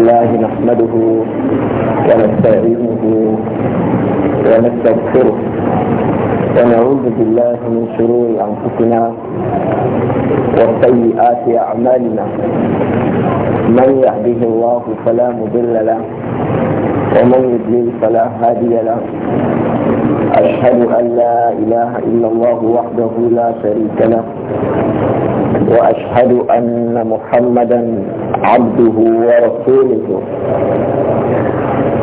الله نحمده ونستعينه ونستغفره ونعوذ بالله من شرور انفسنا وسيئات اعمالنا من يهده الله فلا مضل له ومن يضلل فلا هادي له أشهد أن لا إله إلا الله وحده لا شريك له وأشهد أن محمدا عبده ورسوله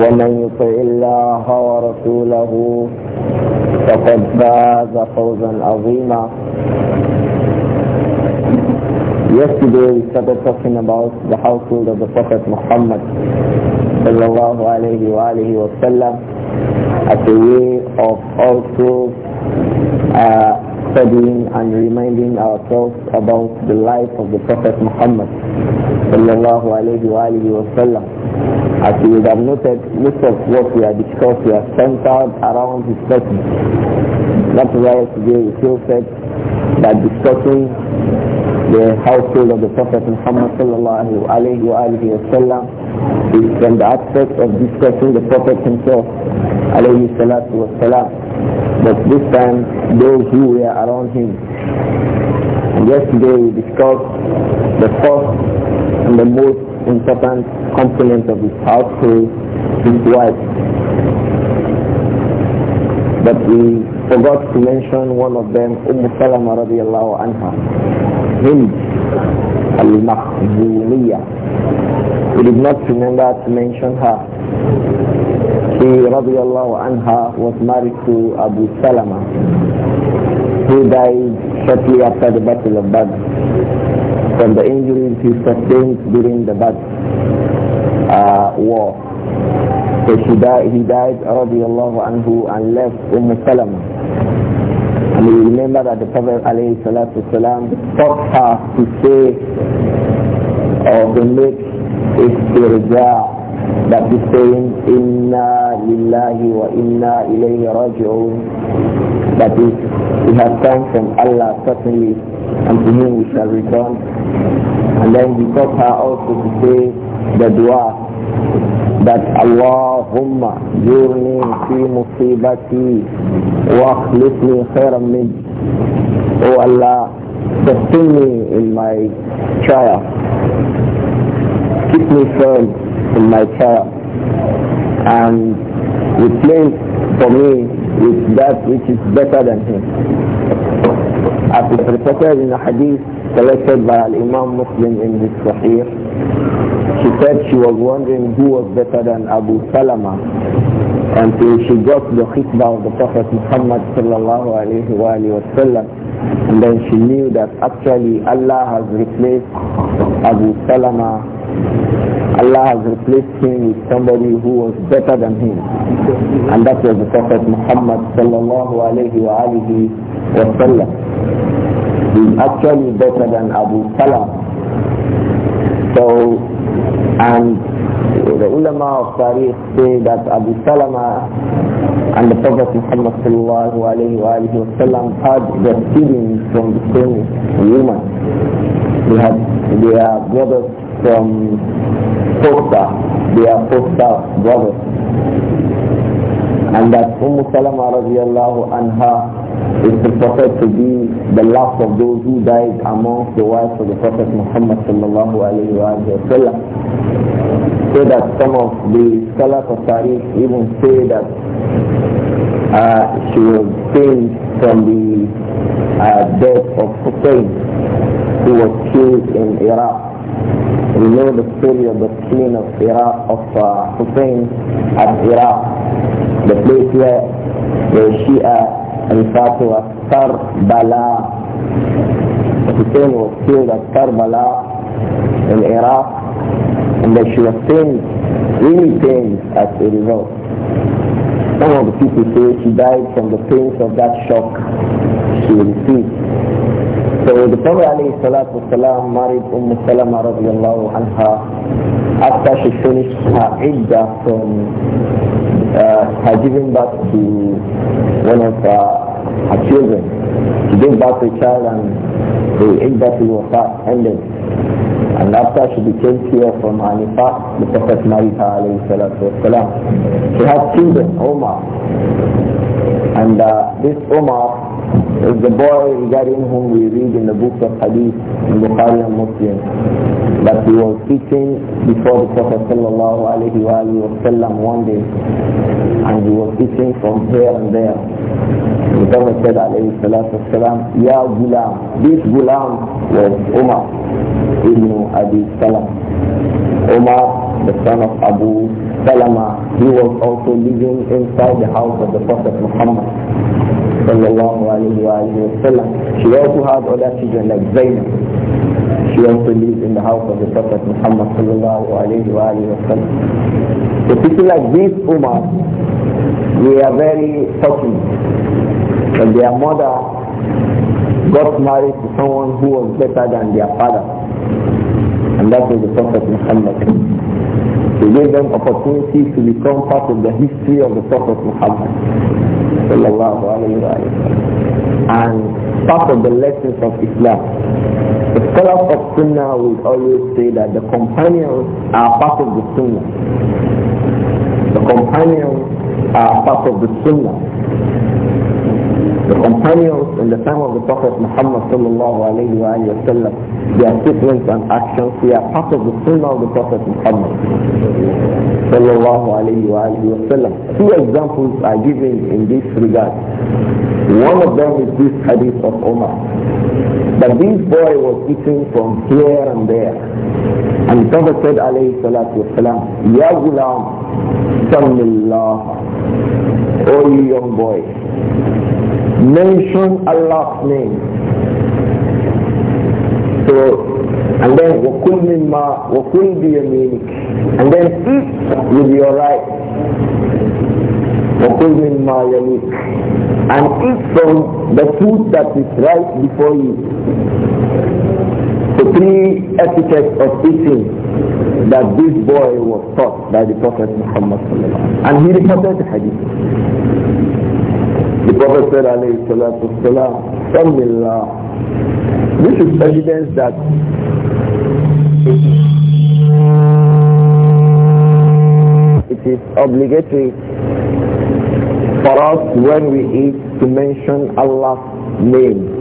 ومن يطع الله ورسوله فقد فاز فوزا عظيما Yesterday we started talking about the household of the Prophet Muhammad sallallahu alayhi wa alayhi wa sallam as a way of also uh, studying and reminding ourselves about the life of the Prophet Muhammad sallallahu alayhi wa alayhi wa sallam As you would have noted, most of what we are discussing is centered around the Prophet. That's why today we feel said that discussing the household of the Prophet Muhammad sallallahu alayhi wa alayhi wa sallam is from the aspect of discussing the Prophet himself alayhi salatu wa salam. But this time, those who were around him. And yesterday we discussed the first and the most important component of his household, his wife. But we forgot to mention one of them, Umm Salama radiallahu anha, Hind al-Makhzumiyya. We did not remember to mention her. She radiallahu anha was married to Abu Salama, who died shortly after the Battle of Badr from the injuries he sustained during the battle, uh, war. So she died, he died radiallahu anhu and left Umm Salam. And we remember that the Prophet alayhi salatu salam taught her to say or to make istirja' that is saying inna lillahi wa inna ilayhi raji'un that is we have come from Allah certainly and to him we shall return and then we taught her also to say the dua that Allahumma jurni fi musibati wa akhlifni khairan min oh Allah sustain me in my trial keep me firm in my chair, And he for me with that which is better than him. As is reported in a hadith collected by Imam Muslim in his Sahih, she said she was wondering who was better than Abu Salama until she got the khitbah of the Prophet Muhammad sallallahu alayhi wa sallam and then she knew that actually Allah has replaced Abu Salama Allah has replaced him with somebody who was better than him. And that was the Prophet Muhammad sallallahu alayhi wa alihi wa sallam. He is actually better than Abu Salam. So, and the ulama of Tariq say that Abu Salama and the Prophet Muhammad sallallahu alayhi wa alihi wa sallam had their feelings from the same woman. They had their brothers from Posta, they are Posta brothers. And that Umm Salama radiallahu anha is reported to be the last of those who died amongst the wives of the Prophet Muhammad sallallahu alayhi wa sallam. So that some of the scholars of Tariq even say that uh, she was saved from the uh, death of Hussein who was killed in Iraq we know the story of the killing of Iraq, of uh, Hussein at Iraq, the place where the Shia refer to as Karbala. Hussein was killed at Karbala in Iraq, and that she was pained, really pained as a result. Some of the people say she died from the pains of that shock she received so the Prophet والسلام, married Umm Salama radiallahu anha after she finished her iddah from uh, her giving birth to one of uh, her children. She gave birth to a child and the iddah to wafat ended. And after she became pure from Anifa, the Prophet married her alayhi salatu wasalam. She had children, Omar. And uh, this Omar is the boy regarding whom we read in the book of Hadith in Bukhari and Muslim that he was sitting before the Prophet sallallahu alayhi wa sallam one day and he was sitting from here and there. The Prophet said alayhi salatu wasalam, Ya Ghulam, this Ghulam was Umar ibn Abi Salam. Umar, the son of Abu Salama, he was also living inside the house of the Prophet Muhammad sallallahu alayhi wa sallam. She also had other children like Zainab. She also lived in the house of the Prophet Muhammad sallallahu alayhi wa sallam. So people like these Umar, we are very fortunate that their mother got married to someone who was better than their father. And that was the Prophet Muhammad to give them opportunities to become part of the history of the Prophet Muhammad. And part of the lessons of Islam. The scholars of Sunnah will always say that the companions are part of the Sunnah. The companions are part of the Sunnah. The companions in the time of the Prophet Muhammad sallallahu alayhi wa sallam, their statements and actions, they are part of the sunnah of the Prophet Muhammad sallallahu alayhi wa sallam. Two examples are given in this regard. One of them is this hadith of Omar. That this boy was eating from here and there. And the Prophet said alayhi salatu wasalam, Ya gulam, sallallahu, O you young boy, mention Allah's name. So, and then وَكُلْ مِمَّا wakul بِيَمِينِكَ And then eat with your right. وَكُلْ مِمَّا يَمِينِكَ And eat from the food that is right before you. The three etiquettes of eating that this boy was taught by the Prophet Muhammad and he reported the hadith. Prophet said, This is evidence that it is obligatory for us when we eat to mention Allah's name.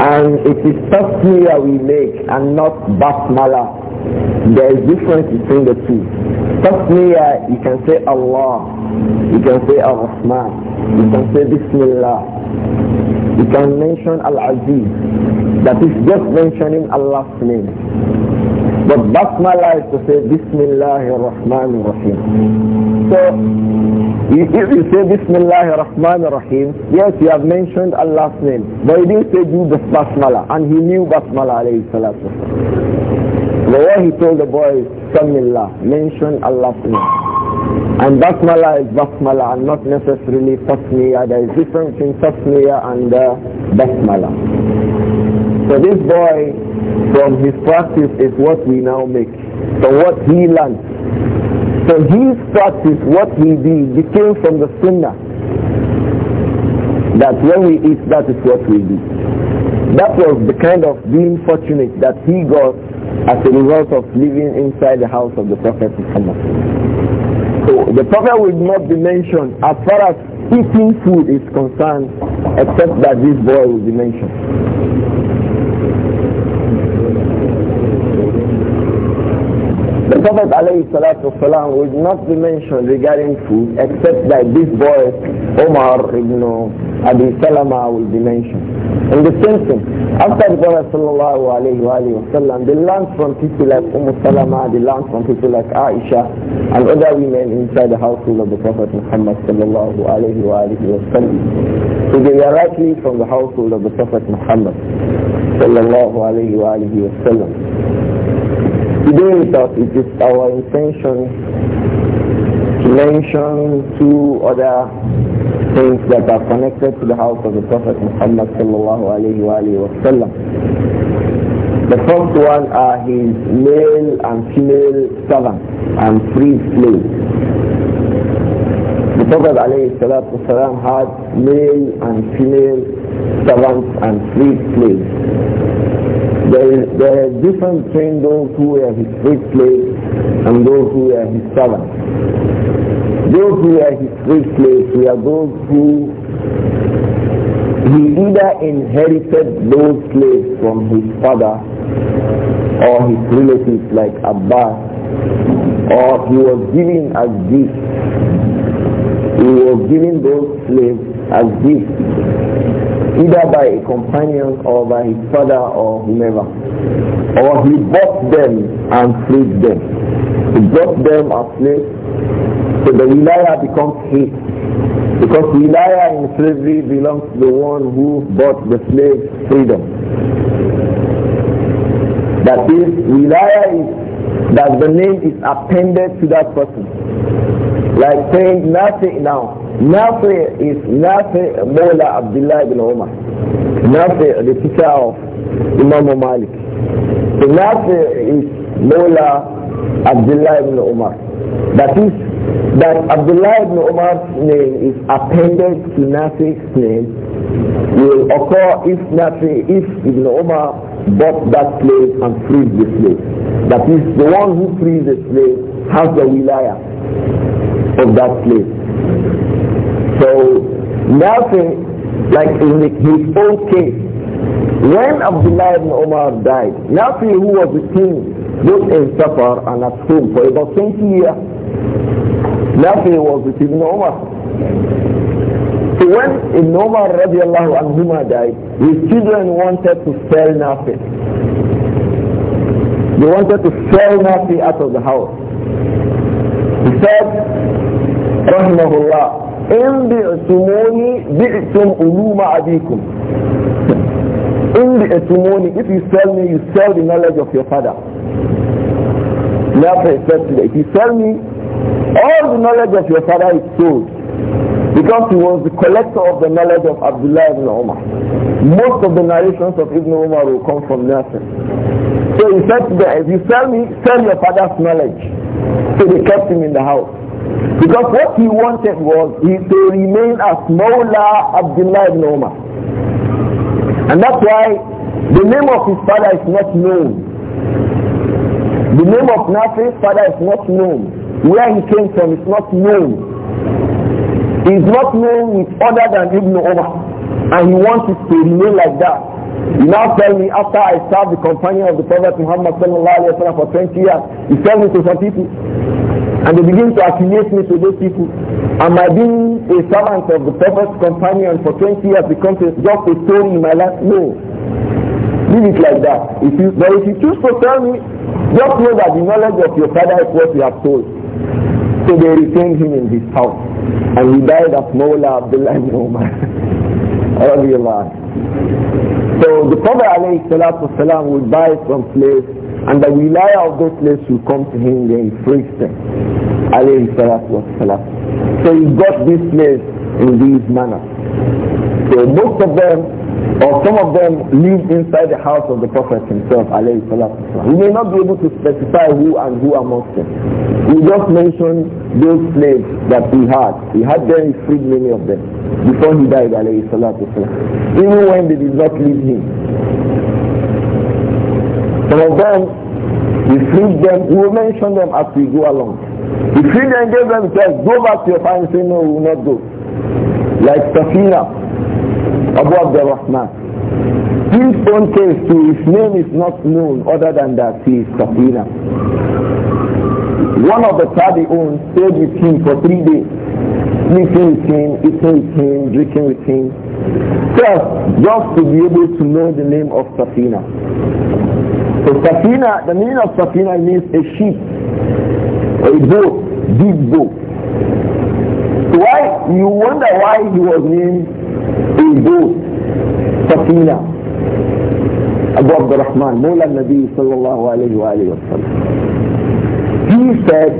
And it is tasmiyah we make and not basmala. There is difference between the two. Tasmiyah, you can say Allah, you can say Ar-Rahman, you can say Bismillah, you can mention Al-Aziz, that is just mentioning Allah's name. But basmala is to say Bismillahir Rahmanir Rahim. So if you say Bismillahir Rahmanir Rahim, yes, you have mentioned Allah's name, but he didn't say do the basmala, and he knew basmala alayhi salatu. The way he told the boy is Samillah, mention Allah's name. And basmala is basmala and not necessarily tasmiya. There is difference between tasmiya and uh, basmala. So this boy, from his practice, is what we now make. So what he learned. So his practice, what he did, became from the sunnah. That when we eat, that is what we do. That was the kind of being fortunate that he got as a result of living inside the house of the Prophet Muhammad. So the Prophet will not be mentioned as far as eating food is concerned, except that this boy will be mentioned. The Prophet والسلام, would not be mentioned regarding food except that this boy, Omar ibn Abi Salama, will be mentioned. And the same thing, after the Prophet وسلم, they learned from people like Umm Salama, they learned from people like Aisha and other women inside the household of the Prophet Muhammad sallallahu alayhi wa So they were rightly from the household of the Prophet Muhammad sallallahu alayhi wa Today that it is our intention to mention two other things that are connected to the house of the Prophet Muhammad sallallahu alayhi wa alayhi The first one are his male and female servants and free slaves. The Prophet alayhi salatu had male and female servants and free slaves. There, is, there are different between those who were his slaves and those who were his servants. Those who were his slaves were those who he either inherited those slaves from his father or his relatives like Abbas or he was given as gifts. He was given those slaves as gifts either by a companion or by his father or whomever. Or he bought them and freed them. He bought them as slaves. So the wilaya becomes his. Because wilaya in slavery belongs to the one who bought the slave freedom. That is, wilaya is that the name is appended to that person. Like saying nothing now. Nafi is Nafi Mola Abdullah ibn Umar. Nafi, the teacher of Imam Malik. So Nafi is Mola Abdullah ibn Umar. That is, that Abdullah ibn Umar's name is appended to Nafi's name will occur if Nafi, if Ibn Umar bought that slave and freed the slave. That is, the one who frees the slave has the wilaya of that place. So nothing like in his own case, when Abdullah ibn Omar died, Nafi who was a king both in Safar and at home for about 20 years, Nafi was with Ibn Omar. So when Ibn Omar radiallahu Anhu died, his children wanted to sell Nafi. They wanted to sell Nafi out of the house. He said, rahmahullah in bi'tumuni bi'tum uluma abikum in bi'tumuni if you sell me you sell the knowledge of your father therefore said today. if you sell me all the knowledge of your father is sold because he was the collector of the knowledge of Abdullah ibn Umar most of the narrations of Ibn Umar will come from Nasir so he said to them if you sell me sell your father's knowledge so they kept him in the house because what he wanted was he to remain as Mawla Abdullah ibn Umar. And that's why the name of his father is not known. The name of Nasir's father is not known. Where he came from is not known. He is not known with other than Ibn Umar. And he wants to remain like that. You now tell me after I served the companion of the Prophet Muhammad sallallahu alayhi wa for 20 years, he tell me to some people, and they begin to affiliate me to those people. Am I being a servant of the Prophet's companion for 20 years becomes just a story in my life? No. Leave it like that. If you, but if you choose to tell me, just know that the knowledge of your father is what you have told. So they retained him in his house. And he died as Mawla Abdullah ibn Umar. so the Prophet Salam would buy from slaves and the wilaya of those slaves will come to him, then he them. Alayhi salatu wasalam. So he got these slaves in these manner. So most of them, or some of them, live inside the house of the Prophet himself, alayhi salatu wasalam. We may not be able to specify who and who amongst them. We just mentioned those slaves that he had. He had them, he freed many of them before he died, alayhi salatu wasalam. Even when they did not leave him. And then we freed them, we will mention them as we go along. We freed them, gave them says, go back to your family, say, no, we will not go. Like Safina, Abu Abdurrahman. His own case to his name is not known other than that he is Safina. One of the Tabi'un stayed with him for three days sleeping with him, eating with him, drinking with him. Just, just to be able to know the name of Safina. So safina, the meaning of safina means a ship, a boat, big boat. So why, you wonder why he was named a boat, safina. Abu Abdurrahman, Mawla Nabi sallallahu alayhi wa alayhi wa sallam. He said,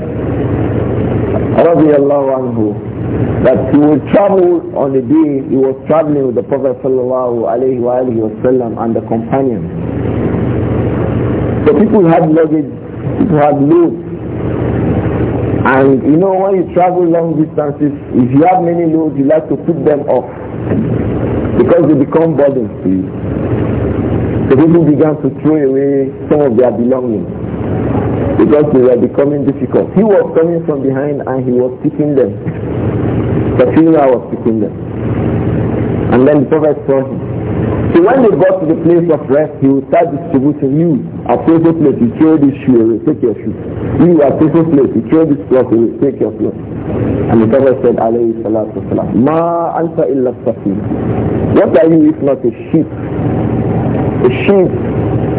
radiallahu anhu, that he would travel on the day he was traveling with the Prophet sallallahu alaihi wasallam and the companions. The people had luggage, people had loads. And you know when you travel long distances, if you have many loads, you like to put them off because they become burdens to you. So people began to throw away some of their belongings because they were becoming difficult. He was coming from behind and he was picking them. The Katrina was picking them. And then the prophet saw him. So when they got to the place of rest, he will start distributing you A so place, you throw this shoe away, take your shoe. You at so place, you throw this cloth away, take your cloth. And the Prophet said, alayhi salatu wasalam, ma anta illa safin. What are you if not a sheep? A sheep,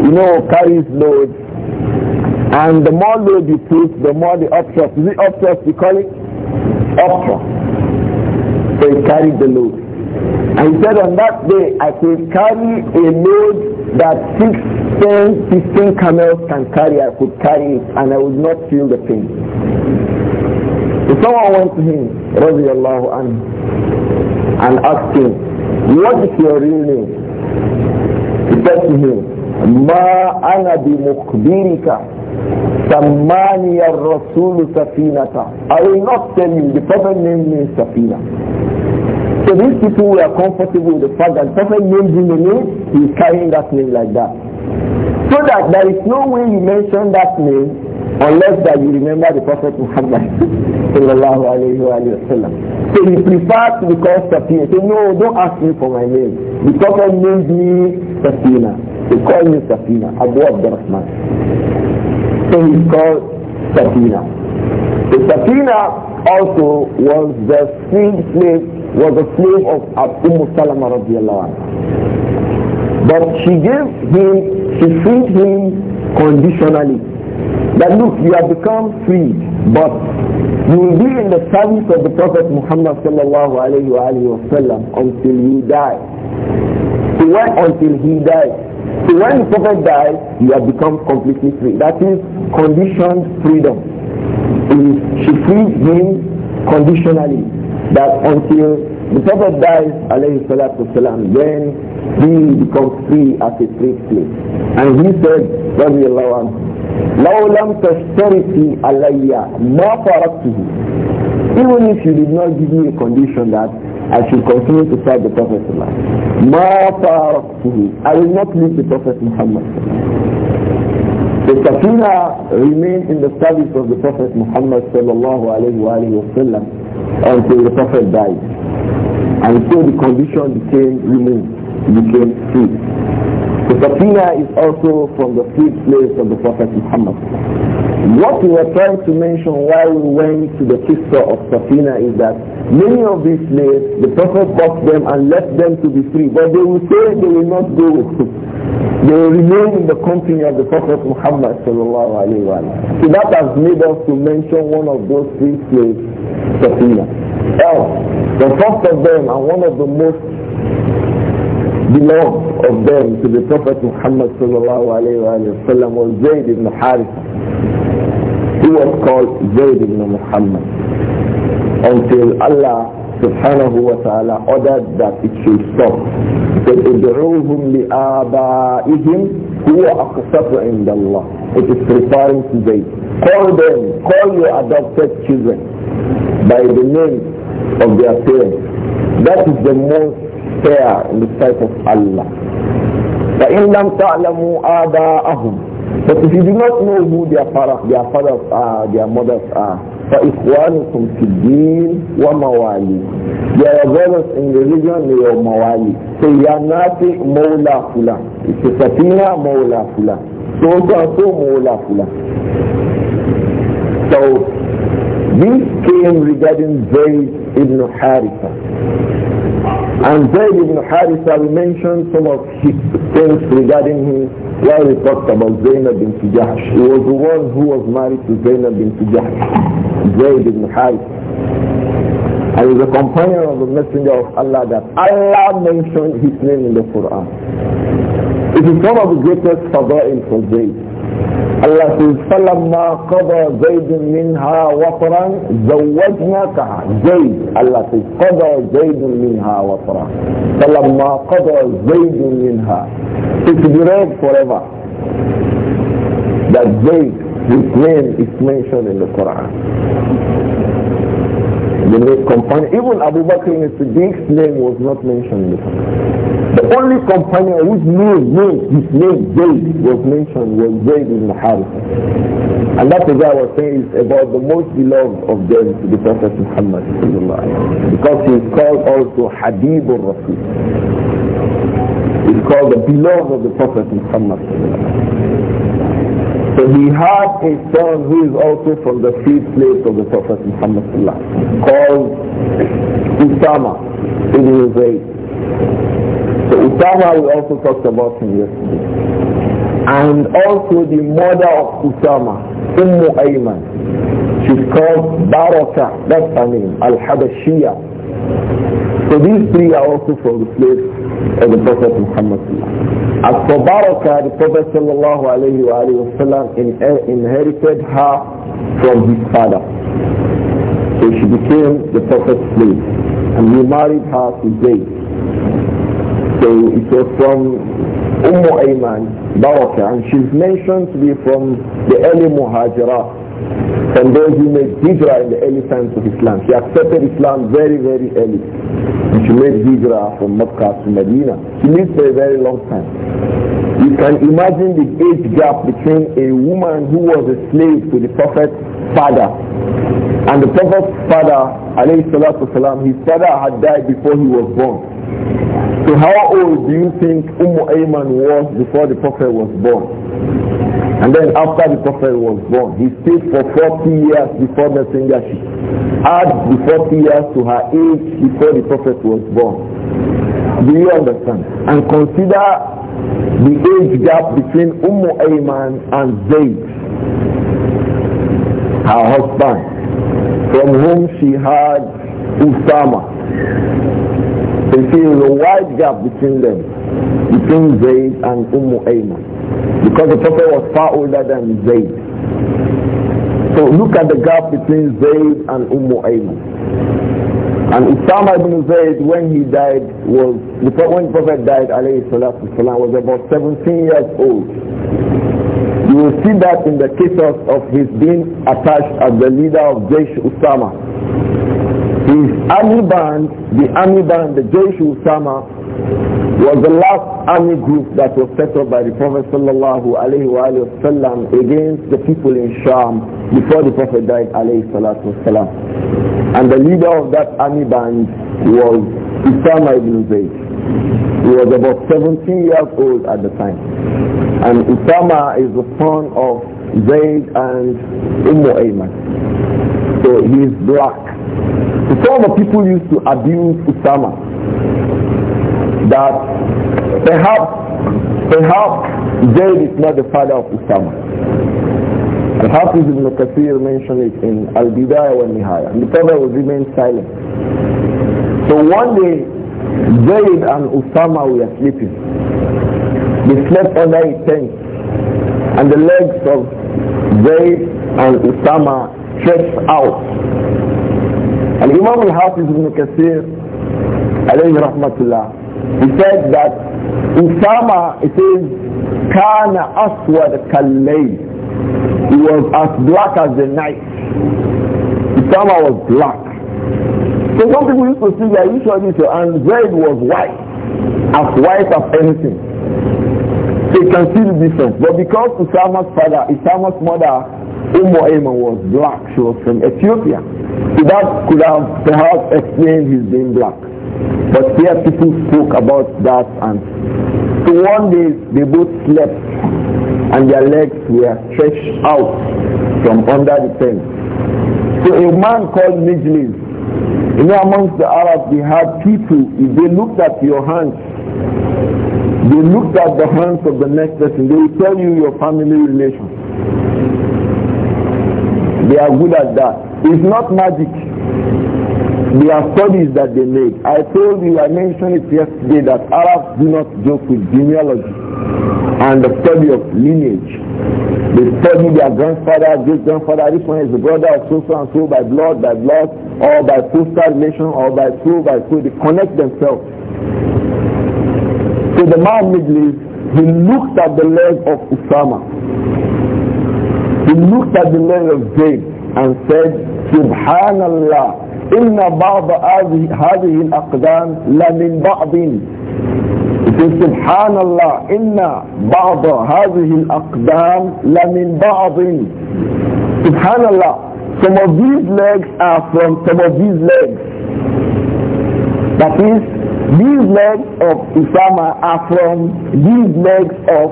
you know, carries load. And the more load you put, the more the upthrust. Is it we call it? ox. So it carries the load he said, on that day, I could carry a load that six, ten, fifteen camels can carry. I could carry it, and I would not feel the pain. So someone went to him, radiallahu anhu, and asked him, what is your real name? He said to him, ما أنا بمخبرك سماني الرسول سفينة I will not tell you the proper name means Safina these people were comfortable with the fact that Prophet named him a name, is carrying that name like that. So that there is no way you mention that name unless that you remember the Prophet Muhammad So he preferred to be called Safina. Say, no, don't ask me for my name. The Prophet named me Safina. He called me Safina, Abu Abdurrahman. So he's called Safina. The Safina also was the freed slave was a slave of Umm Salama radiallahu anha. But she gave him, she freed him conditionally. That look, you have become free, but you will be in the service of the Prophet Muhammad sallallahu alayhi wa sallam until you die. So when, until he dies. So when the Prophet dies, you have become completely free. That is conditioned freedom. She freed him conditionally that until the Prophet dies, alayhi salatu wasalam, then he becomes free as a free slave. And he said, رضي الله عنه, لو لم تشترطي علي ما تركته Even if you did not give me a condition that I should continue to serve the Prophet ما تركته I will not leave the Prophet Muhammad the Safina remained in the service of the Prophet Muhammad sallallahu alayhi wa sallam until the Prophet died. And so the condition became removed, became free. The safina is also from the fifth place of the Prophet Muhammad. What we were trying to mention while we went to the sister of safina is that many of these slaves, the Prophet bought them and left them to be free, but they will say they will not go. they will remain in the company of the Prophet Muhammad sallallahu So that has made us to mention one of those three slaves, safina. Now, the first of them and one of the most the love of them to the Prophet Muhammad sallallahu alayhi wa sallam was Zayd ibn Harith. He was called Zayd ibn Muhammad until Allah subhanahu wa ta'ala ordered that it should stop. who are a هو in the law, It is referring to Zayd. Call them, call your adopted children by the name of their parents. That is the most fair in the sight of Allah. فَإِنْ لَمْ تَعْلَمُوا آبَاءَهُمْ But if you do not know who their fathers, their fathers are, their mothers are, فَإِخْوَانُكُمْ فِي الدِّينِ وَمَوَالِي They are brothers in religion, they are mawali. So يَنَافِي مَوْلَى فُلَانِ It's a satina مَوْلَى فُلَانِ So so مَوْلَى فُلَانِ So this came regarding Zayd ibn Haritha. And Zayd ibn Haritha, we mentioned some of his things regarding him while we talked about Zainab bin Tujahsh. He was the one who was married to Zainab bin Tujahsh, Zayd ibn Haritha. And he's a companion of the Messenger of Allah that Allah mentioned his name in the Quran. It is one of the greatest fada'il for Zayd. الله فلما قضى زيد منها وطرا زوجناكها زيد التي قضى زيد منها وطرا فلما قضى زيد منها تكبيرات forever that زيد name is mentioned in the Quran The companion, even Abu Bakr Siddiq's name was not mentioned. The only companion whose name, name his name Zayd was mentioned was Zayd ibn Harith. And that is why I was saying is about the most beloved of them to the Prophet Muhammad because he is called also Habib al-Rasul. is called the beloved of the Prophet Muhammad so he had a son who is also from the free slaves of the Prophet Muhammad called Usama his age. So Usama we also talked about him yesterday. And also the mother of Usama, Ummu Ayman. She's called Baraka, that's her name, Al-Habashiyah. So these three are also from the place of the Prophet Muhammad. As for Baraka, the Prophet sallallahu alayhi wa sallam inherited her from his father. So she became the Prophet's slave. And he married her to Zayd. So it was from Umm Ayman, Baraka, and she's mentioned to be from the early Muhajirah from those who made hijrah in the early times of Islam. He accepted Islam very, very early. And she made hijrah from Mecca to Medina. She lived for a very long time. You can imagine the age gap between a woman who was a slave to the Prophet's father and the Prophet's father, alayhi salatu salam, his father had died before he was born. So how old do you think Umm Ayman was before the Prophet was born? And then after the Prophet was born, he stayed for 40 years before messengership. Add the 40 years to her age before the Prophet was born. Do you understand? And consider the age gap between Ummu Ayman and Zayd, her husband, from whom she had Usama. They feel a wide gap between them, between Zayd and Ummu Ayman. Because the Prophet was far older than Zayd. So look at the gap between Zayd and Ummu Ayman. And Usama ibn Zayd, when he died, was, when the Prophet died, alayhi salatu was about 17 years old. You will see that in the cases of his being attached as the leader of Jaysh Usama. His army band, the army band, the Jeshu Sama, was the last army group that was set up by the Prophet sallallahu alaihi wasallam against the people in Sham before the Prophet died alayhi salatu wasallam. And the leader of that army band was Usama ibn Zayd. He was about 17 years old at the time. And Usama is the son of Zayd and Umm Ayman. So he is black. Some of the people used to abuse Usama that perhaps perhaps Zayd is not the father of Usama. Perhaps ibn Kathir mentioned it in Al-Bidayah wa Nihaya. And the father will remain silent. So one day, Zayd and Usama were sleeping. They slept under a tent. And the legs of Zayd and Usama stretched out Al-Imam al-Hafiz ibn Kathir, alayhi rahmatullah, he said that Usama, it is, Kana aswad kallayl. He was as black as the night. Usama was black. So some people used to see that usually, and Zaid was white, as white as anything. So you can see the difference. But because Usama's father, Usama's mother Umm Ayman was black. She was from Ethiopia. So that could have perhaps explained his being black. But here people spoke about that and so one day they both slept and their legs were stretched out from under the tent. So a man called Mijlis, you know amongst the Arabs they had people, if they looked at your hands, they looked at the hands of the next person, they will tell you your family relation. They are good at that. It's not magic. There are studies that they make. I told you, I mentioned it yesterday that Arabs do not joke with genealogy and the study of lineage. They study their grandfather, great grandfather, this one is the brother of so so and so by blood, by blood, or by postal relation, or by so, by so. They connect themselves. So the man he looked at the leg of Usama he looked at the legs of Jain and said, Subhanallah, inna ba'da hadihi in aqdam la min ba'din. Subhanallah, inna ba'da hadihi in aqdam la min ba'din. Subhanallah, some of these legs are from some of these legs. That is, these legs of Usama are from these legs of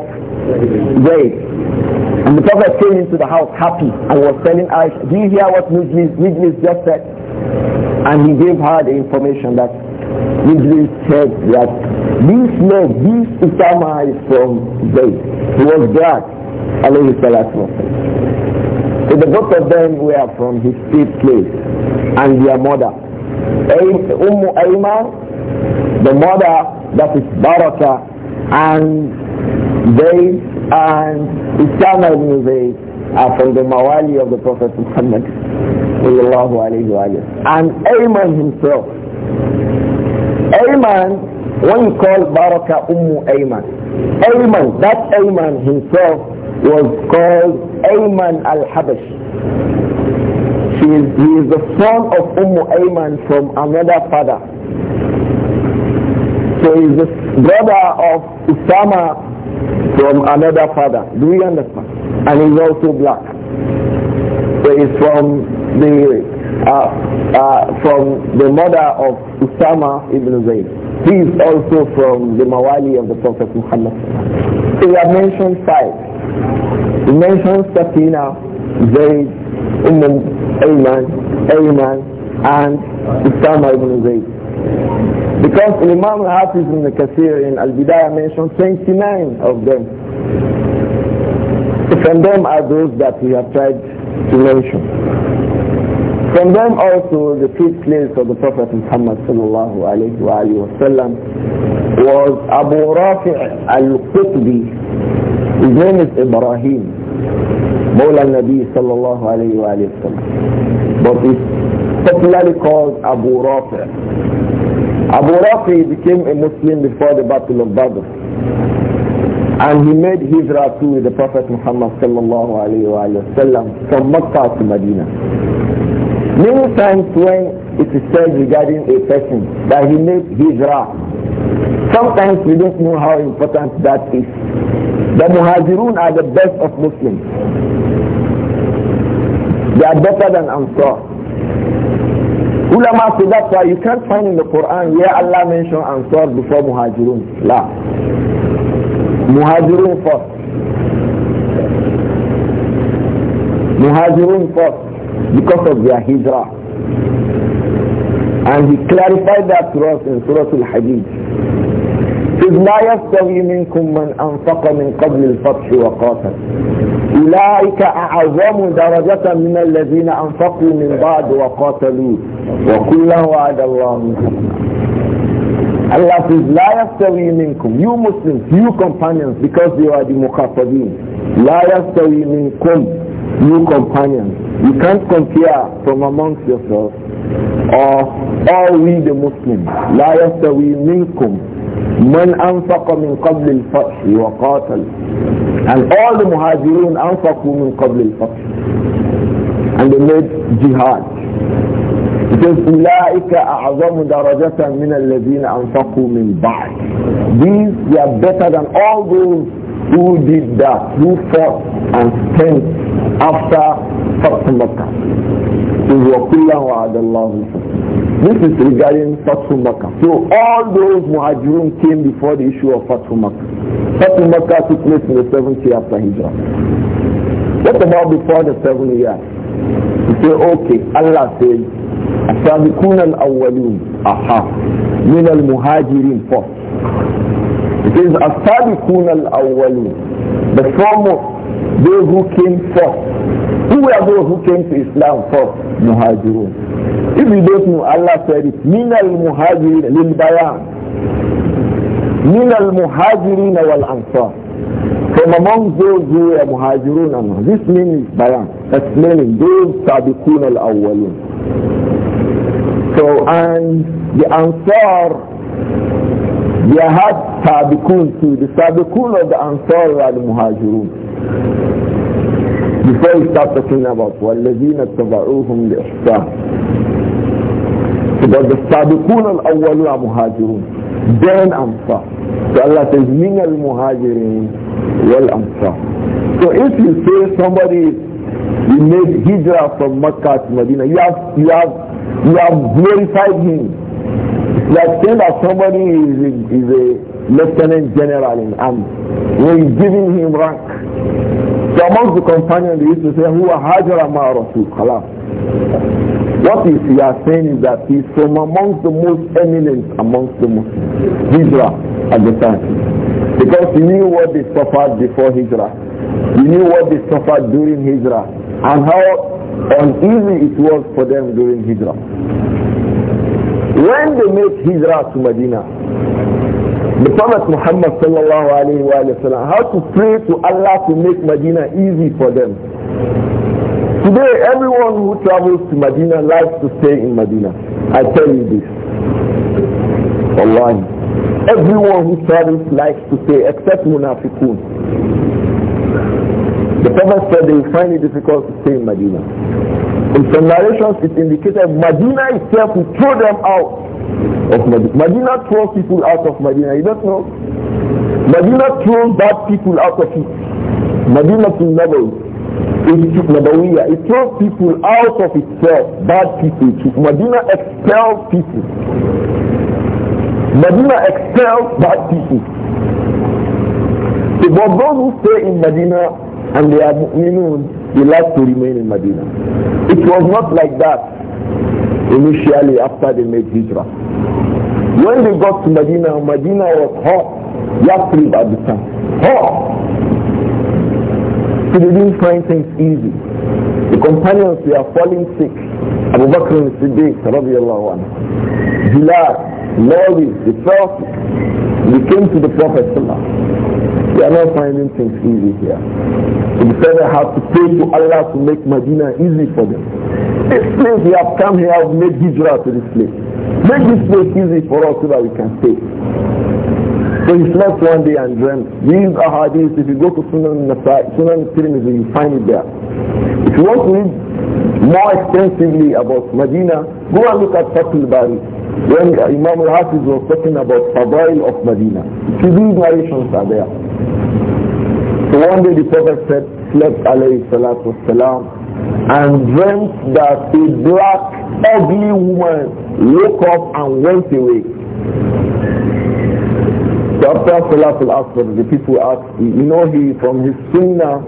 Zayd. And the Prophet came into the house happy and was telling Aisha, do you hear what Mijlis, just said? And he gave her the information that Mijlis said that this man, this Usama is from Zayd. He was glad. Alayhi salatu So the both of them were from his state place and their mother. Umm Aiman, the mother that is Baraka, and they and Usama ibn Zayd are uh, from the Mawali of the Prophet Muhammad sallallahu alayhi wa And Ayman himself. Ayman, when he called Baraka Ummu Ayman, Ayman, that Ayman himself was called Ayman al-Habash. He is, he is the son of Ummu Ayman from another father. So he is the brother of Usama from another father. Do you understand? And he's also black. So he's from the uh, uh, from the mother of Usama ibn Zayd. He is also from the Mawali of the Prophet Muhammad. So we have mentioned five. We mentioned Safina, Zayd, Umm Ayman, Ayman, and Usama ibn Zayd. Because Imam Hafiz the Kathir in Al-Bidayah mentioned 29 of them. From them are those that we have tried to mention. From them also the fifth place of the Prophet Muhammad sallallahu alayhi wa was Abu Rafi' al-Qutbi. His name is Ibrahim, Mawla Nabi sallallahu alayhi wa sallam. But he's popularly called Abu Rafi'. Abu Rafi became a Muslim before the Battle of Badr. And he made hijrah too with the Prophet Muhammad sallallahu alayhi wa sallam from Makkah to Medina. Many times when it is said regarding a person that he made hijrah, sometimes we don't know how important that is. The Muhajirun are the best of Muslims. They are better than Ansar. Ulama say that's why you can't find in the Quran where Allah mentioned Ansar before Muhajirun. La. Muhajirun first. Muhajirun first because of their hijrah. And he clarified that to us in Surah Al-Hadid. إذ لا يستوي منكم من أنفق من قبل الفتح وقاتل أولئك أعظم درجة من الذين أنفقوا من بعد وقاتلوا وكله وعد الله منكم Allah says, لا يستوي منكم you Muslims, you companions because you are the مخاطبين لا يستوي منكم you companions. You can't compare from amongst yourselves or all we the Muslims. لا يستوي منكم من أنفق من قبل الفتح وقاتل and all the muhajirun أنفقوا من قبل الفتح and they made jihad says أولئك أعظم درجة من الذين أنفقوا من بعد these they are better than all those who did that who fought and spent after Fatih This is regarding Fathu Makkah. So all those Muhajirun came before the issue of Fathu Makkah. Fathu Makkah took place in the seventh year after Hijrah. What about before the seventh year? You say, okay, Allah says, السابقون الأولون أحا من المهاجرين first. It is al الأولون the foremost those who came first. Who were those who came to Islam first? Muhajirun. If you don't know, Allah said it, Min al-Muhajirin lil-Bayan. Min al-Muhajirin wal-Ansar. From among those who were Muhajirun and this means Bayan, meaning those Sabiqun al-Awwalun. So, and the Ansar, they had Sabiqun too. The Sabiqun of the Ansar were the Muhajirun. Before we start talking about وَالَّذِينَ تَبَعُوهُمْ لِإِحْسَانٍ Because the Sadiqun al-awwalu muhajirun Then Ansar. So Allah says, مِنَ الْمُهَاجِرِينَ وَالْأَنصَارِ So if you say somebody you made hijrah from Makkah to Medina, you have, you have, you have glorified him. It's like saying that somebody is a, is a lieutenant general in army. We're giving him rank. So amongst the companions, they used to say, Who hajara ma Rasul? Khalas. What is he are saying is that he is from amongst the most eminent amongst the Muslims. Hijrah at the time. Because he knew what they suffered before Hijrah. He knew what they suffered during Hijrah. And how uneasy it was for them during Hijrah. When they made Hijrah to Medina, the Prophet Muhammad sallallahu alayhi wa sallam, how to pray to Allah to make Medina easy for them. Today, everyone who travels to Medina likes to stay in Medina. I tell you this. Wallahi. Everyone who travels likes to stay except munafiqun. The Prophet said they will find it difficult to stay in Medina. In some narrations, it indicated Medina itself will throw them out of Medina. Medina throws people out of Medina. You don't know? Medina throws bad people out of it. Medina to Nabawi. Nabawiya. It throws people out of itself. Bad people. Medina expels people. Medina expels bad people. So, but those who stay in Medina and they are mu'minun, they like to remain in Medina. It was not like that initially after they made hijrah. When they got to Medina, Medina was hot, Yathrib at the time, hot. So they didn't find things easy. The companions were falling sick. Abu Bakr and Siddiq, radiallahu anhu. Bilal, Lawis, the Prophet, they came to the Prophet sallallahu we are not finding things easy here. So said, I had to pray to Allah to make Medina easy for them. This place we have come here, I've made hijrah to this place. Make this place easy for us so that we can stay. So he slept one day and dreamt. These are hadiths. If you go to Sunan Nasai, Sunan Tirmidhi, you find it there. If you want to read more extensively about Medina, go and look at Fatul Bari. When Imam al-Hafiz was talking about Fadail of Medina. If narrations are there. So one day the Prophet said, slept alayhi salatu salam, and dreamt that a black ugly woman woke up and went away. So after Salatul Asr, the people asked, you know he from his sunnah,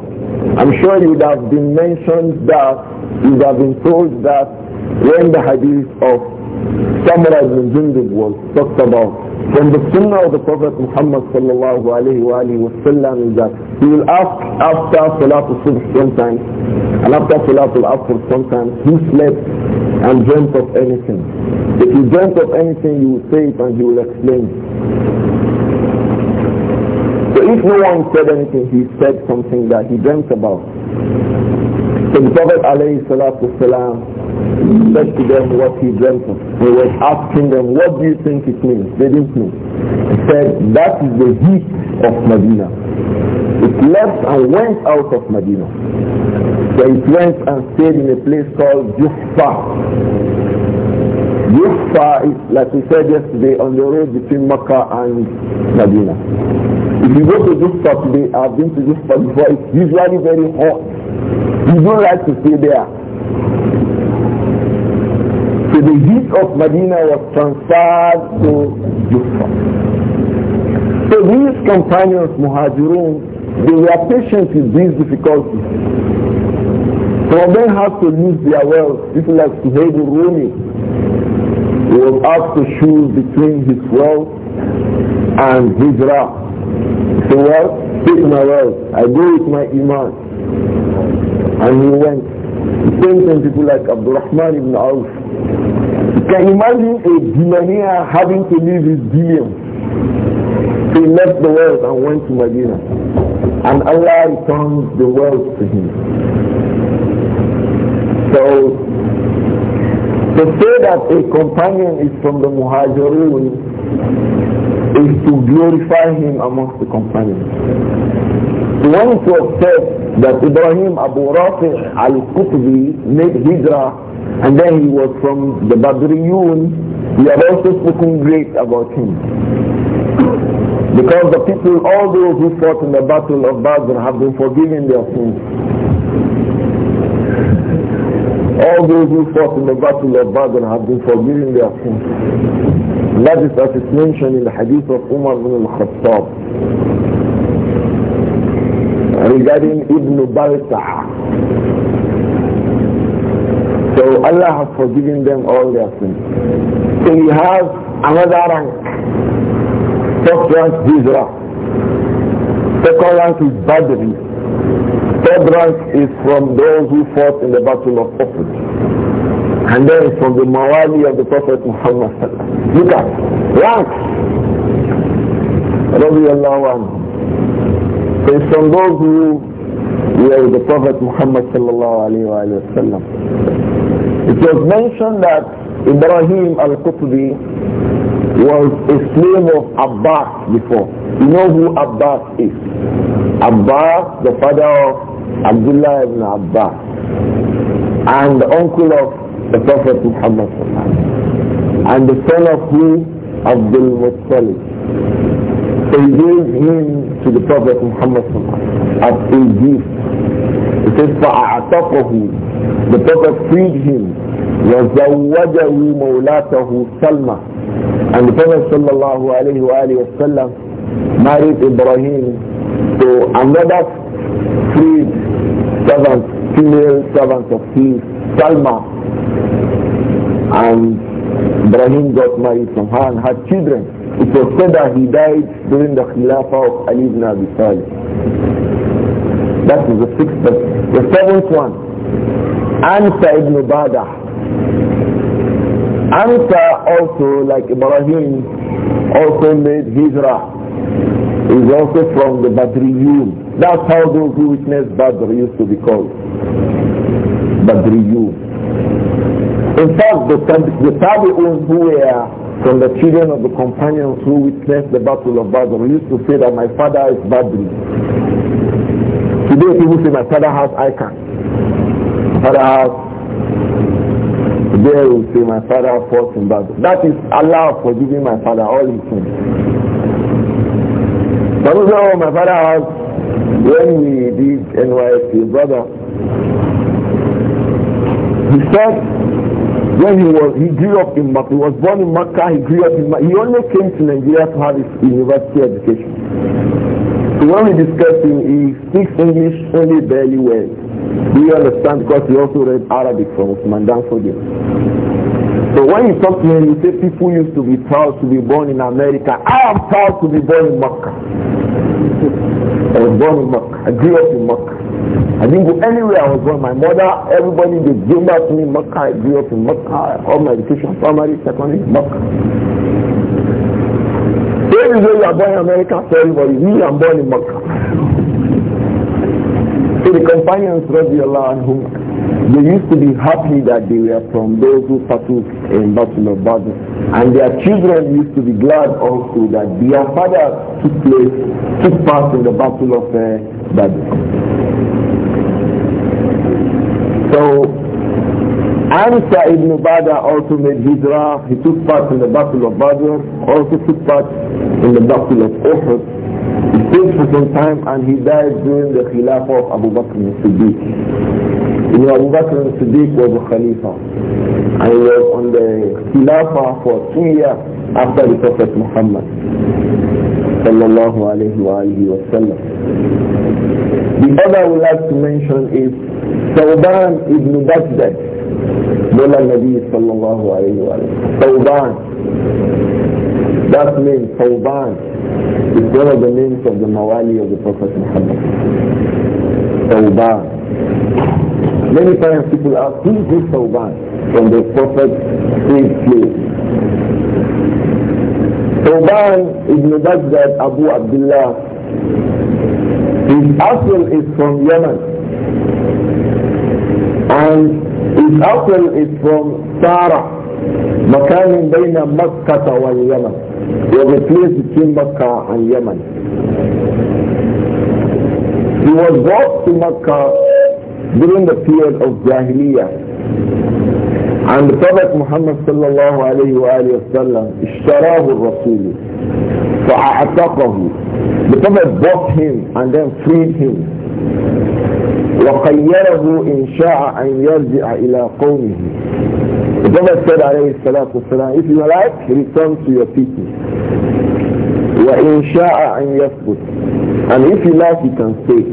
I'm sure you would have been mentioned that, you would have been told that when the hadith of Samra ibn Jundub was talked about. From the sunnah of the Prophet Muhammad sallallahu alayhi wa alayhi wa sallam is that he will ask after Salatul Subh sometimes and after Salatul Asr sometimes he slept and dreamt of anything. If you dreamt of anything you will say it and he will explain. So if no one said anything he said something that he dreamt about. So the Prophet alayhi salatu salam said to them what he dreamt of. He was asking them, what do you think it means? They didn't know. He said, that is the heat of Medina. It left and went out of Medina. So it went and stayed in a place called Jufa. Jufa is, like we said yesterday, on the road between Makkah and Medina. If you go to Jufa today, I've been to Jufa before, it's usually very hot. You don't like to stay there. So the heat of Medina was transferred to Jufa. So these companions, Muhajirun, they were patient with these difficulties. Some of them had to lose their wealth. People like Suhaib Rumi, he was asked to choose between his wealth and Hijrah. So well, take my wealth. I go with my Iman. And he went. The same thing people like Rahman ibn Auf can imagine a billionaire having to leave his billions. He left the world and went to Medina. And Allah returned the world to him. So, to say that a companion is from the Muhajirun is to glorify him amongst the companions. One when it that Ibrahim Abu Rafi al-Qutbi made hijrah and then he was from the Badriyun. We have also spoken great about him. Because the people, all those who fought in the battle of Badr have been forgiven their sins. All those who fought in the battle of Badr have been forgiven their sins. That is as is mentioned in the hadith of Umar ibn al-Khattab regarding Ibn Balta. So Allah has forgiven them all their sins. So we have another rank. First rank Hijra. Second rank is Badri. Third rank is from those who fought in the battle of Uhud. And then from the Mawali of the Prophet Muhammad. Look at ranks. رضي الله So it's from those who were with the Prophet Muhammad sallallahu alayhi wa sallam. It was mentioned that Ibrahim al-Qutbi was a slave of Abbas before. You know who Abbas is? Abbas, the father of Abdullah ibn Abbas and the uncle of the Prophet Muhammad and the son of who? Abdul Muttalib. So he gave him to the Prophet Muhammad as a gift. It says, the Prophet freed him. وَزَوَّجَهُ مَوْلَاتَهُ سَلْمَةً And the Prophet sallallahu alayhi wa married Ibrahim to another freed servant, female servant of his, Salma. And Ibrahim got married from her and had children. It was said that he died during the Khilafah of Ali ibn Abi Talib. That is the sixth person. The seventh one Ansa ibn Bada. Ansa also, like Ibrahim, also made Hijrah. Is also from the Badriyun. That's how those who witnessed Badr used to be called. Badriyun. In fact, the, the Tabi'un who were from the children of the companions who witnessed the battle of Badr used to say that my father is Badri. Today people say my father has icons father there will say my father fought in battle. That is Allah forgiving my father all his sins. But was how my father was when we did NYC brother. He said when he was he grew up in Makkah, he was born in Makkah, he grew up in Makkah. He only came to Nigeria to have his university education. So when we discussed him, he speaks English only barely well. Do you understand? Because we also read Arabic from Usman Dan Fodio. So when you talk to me, you say people used to be proud to be born in America. I am proud to be born in Makkah. I was born in Makkah. I grew up in Makkah. I didn't go anywhere I was born. My mother, everybody, they gave up to me Makkah. I grew up in Makkah. All my education, primary, secondary, Makkah. Same as you are born in America, so everybody, me, I'm born in Makkah. So the companions, radiallahu anhum, they used to be happy that they were from those who partook in Battle of Badr. And their children used to be glad also that their father took place, took part in the Battle of uh, Badr. So Anisa ibn Bada also made hijrah. He took part in the Battle of Badr, also took part in the Battle of Uhud. He stayed for some time and he died during the Khilafah of Abu Bakr al-Siddiq. You know, Abu Bakr al-Siddiq was a Khalifa. And he was on the Khilafah for three years after the Prophet Muhammad. Sallallahu alayhi wa The other I would like to mention is ثوبان ابن بدد مولى النبي صلى الله عليه وسلم ثوبان That means Tawban, is one of the names of the Mawali of the Prophet Muhammad. Tawban. Many times people ask, who is this Tawban from the Prophet's great place? Tawban ibn Baghdad Abu Abdullah. His uncle is from Yemen. And its apple is from Sara, مكان بين مكة واليمن. It was a place between Makkah and Yemen. He was brought to Makkah during the period of Jahiliyyah. And the Prophet Muhammad sallallahu alayhi wa alayhi wa sallam, اشتراه الرسول فأعتقه. The Prophet bought him and then freed him. وخيره إن شاء أن يرجع إلى قومه The Prophet said عليه الصلاة والسلام If you like, return to your people وإن شاء أن يثبت And if you like, you can stay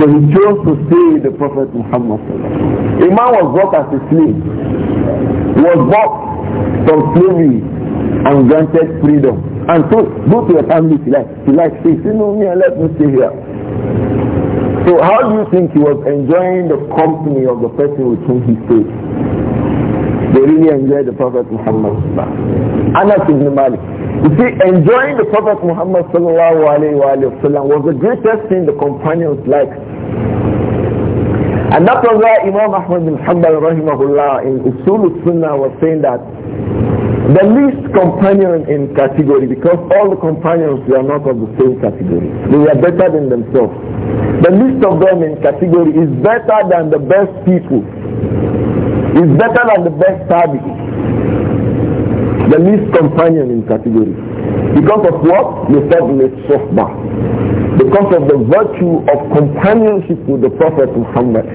So he chose to stay with the Prophet Muhammad A man was brought as a slave He was bought from slavery and granted freedom and so go to your family if you like if you like say no me I let me stay here so how do you think he was enjoying the company of the person with whom he stayed? They really enjoyed the Prophet Muhammad. Anas ibn Malik. You see, enjoying the Prophet Muhammad sallallahu alayhi wa sallam was the greatest thing the companions liked. And that was why Imam Ahmad bin Hanbal rahimahullah in Usul al-Sunnah was saying that the least companion in category because all the companions were not of the same category. They were better than themselves. The least of them in category is better than the best people. Is better than the best tabi. The least companion in category. Because of what? You soft by, Because of the virtue of companionship with the Prophet Muhammad.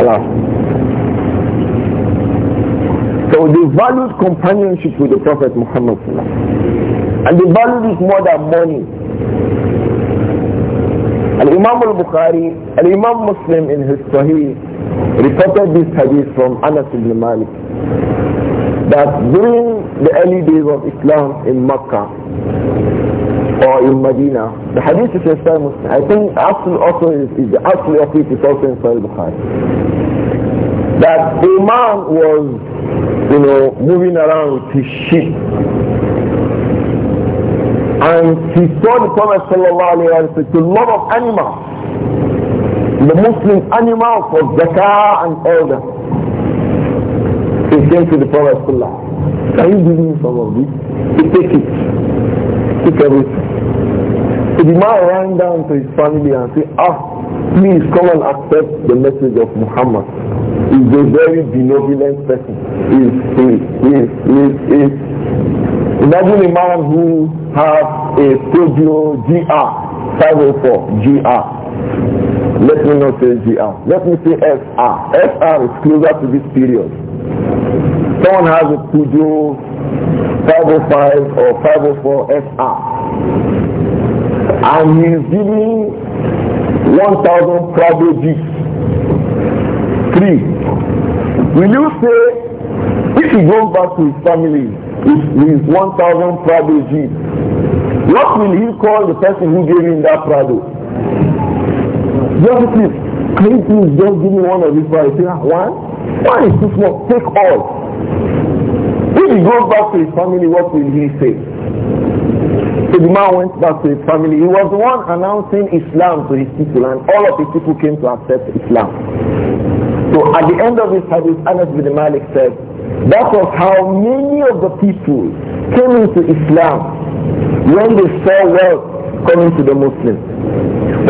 Allah. So they valued companionship with the Prophet Muhammad. And they valued it more than money. And Imam al-Bukhari, and Imam Muslim in his Sahih, reported this hadith from Anas ibn Malik that during the early days of Islam in Mecca or in Medina, the hadith is in Muslim. I think actually also is, is the actual of it is also in Sahih Bukhari that a man was, you know, moving around with his sheep. And he saw the Prophet sallallahu to lot of animals, the Muslim animals for zakah and other, He came to the Prophet sallallahu can you give me some of this? He take it. Take everything. So the man ran down to his family and said, ah, please come and accept the message of Muhammad is a very benevolent person. is, is, is, is. Imagine a man who has a Scorpio GR, 504 GR. Let me not say GR. Let me say SR. SR is closer to this period. Someone has a Peugeot 505 or 504 SR. And he is giving 1,000 probably three Will you say, if he goes back to his family, with his 1,000 Prado Jeep, what will he call the person who gave him that Prado? Just please, can you please just give me one of these Prado? Say, one? One is too small. Take all. If he goes back to his family, what will he say? So the man went back to his family. He was the one announcing Islam to his people, and all of his people came to accept Islam. So at the end of this hadith, Anas bin Malik said, that was how many of the people came into Islam when they saw wealth coming to the Muslims.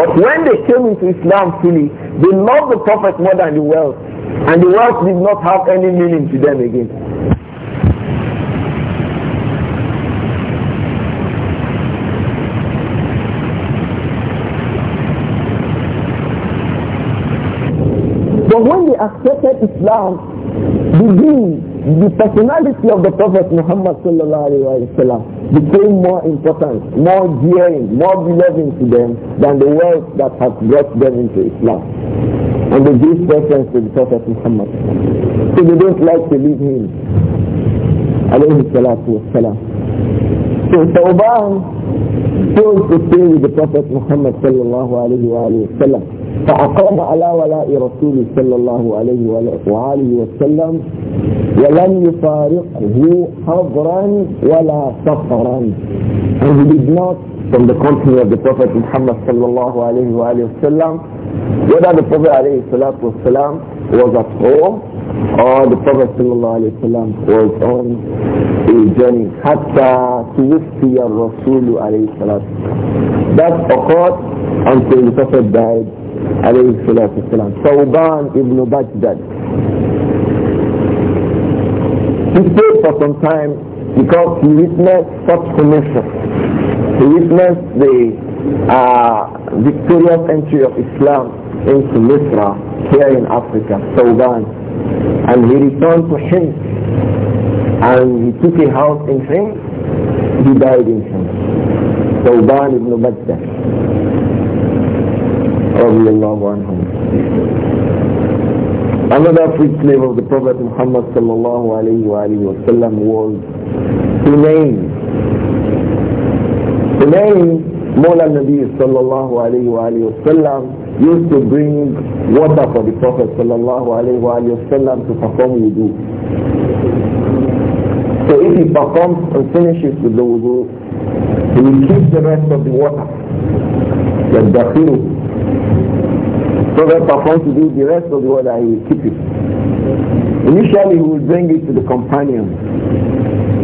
But when they came into Islam fully, they loved the Prophet more than the wealth. And the wealth did not have any meaning to them again. accepted Islam, the the personality of the Prophet Muhammad wasallam became more important, more dear, more beloved to them than the wealth that has brought them into Islam. And they give preference to the Prophet Muhammad. So they don't like to leave him. So Tawban chose to stay with the Prophet Muhammad sallallahu alayhi wa sallam. فأقام على ولاء رسول صلى الله عليه وآله وسلم ولم يفارقه حضرا ولا سفرا and he did not from the company of the Prophet Muhammad صلى الله عليه وآله وسلم whether the Prophet عليه الصلاة والسلام was at home or the Prophet صلى الله عليه وسلم was on a journey حتى توفي الرسول عليه الصلاة that occurred until the Prophet died عليه الصلاة والسلام ثوبان ibn Bajdad he stayed for some time because he witnessed such commission he witnessed the uh, victorious entry of Islam into Misra here in Africa Thawban and he returned to him and he took a house in him he died in him Thawban ibn Bajdad رضي الله عنهم. Another fruit slave of the Prophet Muhammad sallallahu alayhi wasallam was wa name. was name, Hunayn Mawla Nabi sallallahu alayhi wasallam used to bring water for the Prophet sallallahu alayhi wasallam to perform wudu. So if he performs and finishes with the wudu, he will keep the rest of the water. يدخره Prophet performs to do the rest of the water. he will keep it. Initially he will bring it to the companions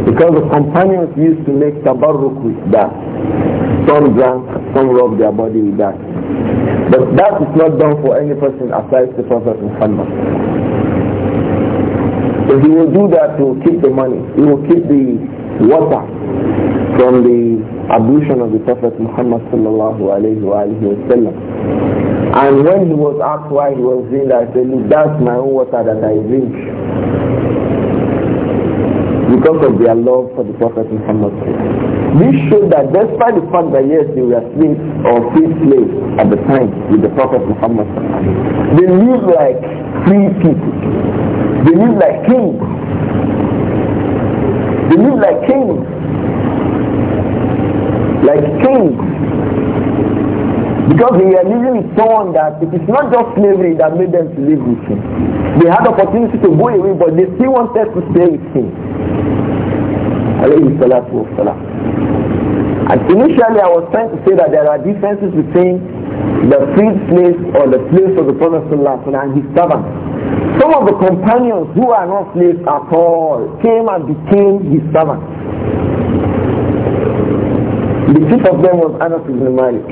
because the companions used to make tabarruk with that. Some drank, some rubbed their body with that. But that is not done for any person aside the Prophet Muhammad. So he will do that to keep the money. He will keep the water from the ablution of the Prophet Muhammad sallallahu alayhi wa sallam. And when he was asked why he was doing that, I said, look, that's my own water that I drink. Because of their love for the Prophet Muhammad. This showed that despite the fact that yes, they were slaves or free slaves at the time with the Prophet Muhammad, they lived like free people. They lived like kings. They lived like kings. Like kings. Because the were is shown that it is not just slavery that made them to live with him. They had opportunity to go away, but they still wanted to stay with him. And initially I was trying to say that there are differences between the freed slaves or the slaves of the Prophet and his servants. Some of the companions who are not slaves at all came and became his servants. The chief of them was Anas ibn Malik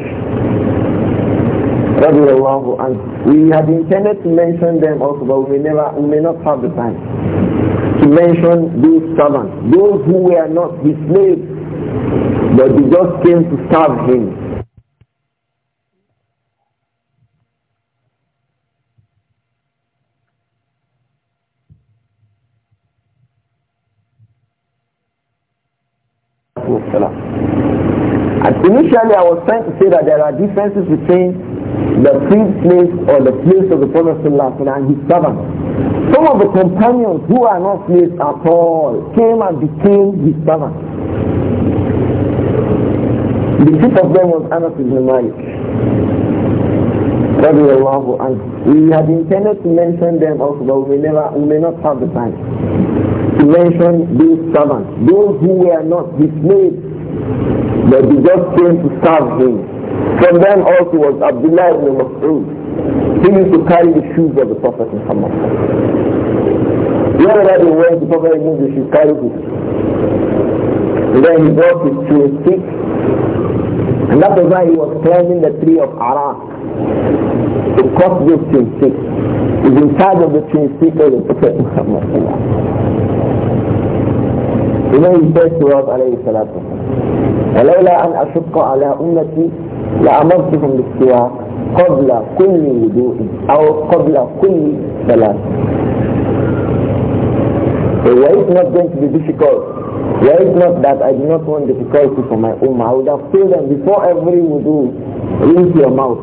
radiallahu anhu. We had intended to mention them also, but we may, never, we may not have the time to mention those servants, those who were not his slaves, but they just came to serve him. And initially I was trying to say that there are differences between the free place or the place of the Prophet and his servants. Some of the companions who are not slaves at all came and became his servants. The chief of them was Anas ibn Malik. We had intended to mention them also, but we, never, we may not have the time to mention these servants, those who were not his slaves, but they just came to serve him. From them also was Abdullah ibn Mas'ud. He used to carry the shoes of the Prophet Muhammad. Wherever they went, the Prophet Muhammad they should carry it. And then he brought his to a stick. And that was why he was climbing the tree of Arak to cut this tree stick. He's in charge of the tree stick of the Prophet Muhammad. You know, he said to us, alayhi salatu, ولولا أن أشق على أمتي لأمرتهم بالسواك قبل كل وضوء أو قبل كل صلاة So why it's not going to be difficult? Why it's not that I do not want difficulty for my ummah? I would have told them before every wudu, rinse your mouth.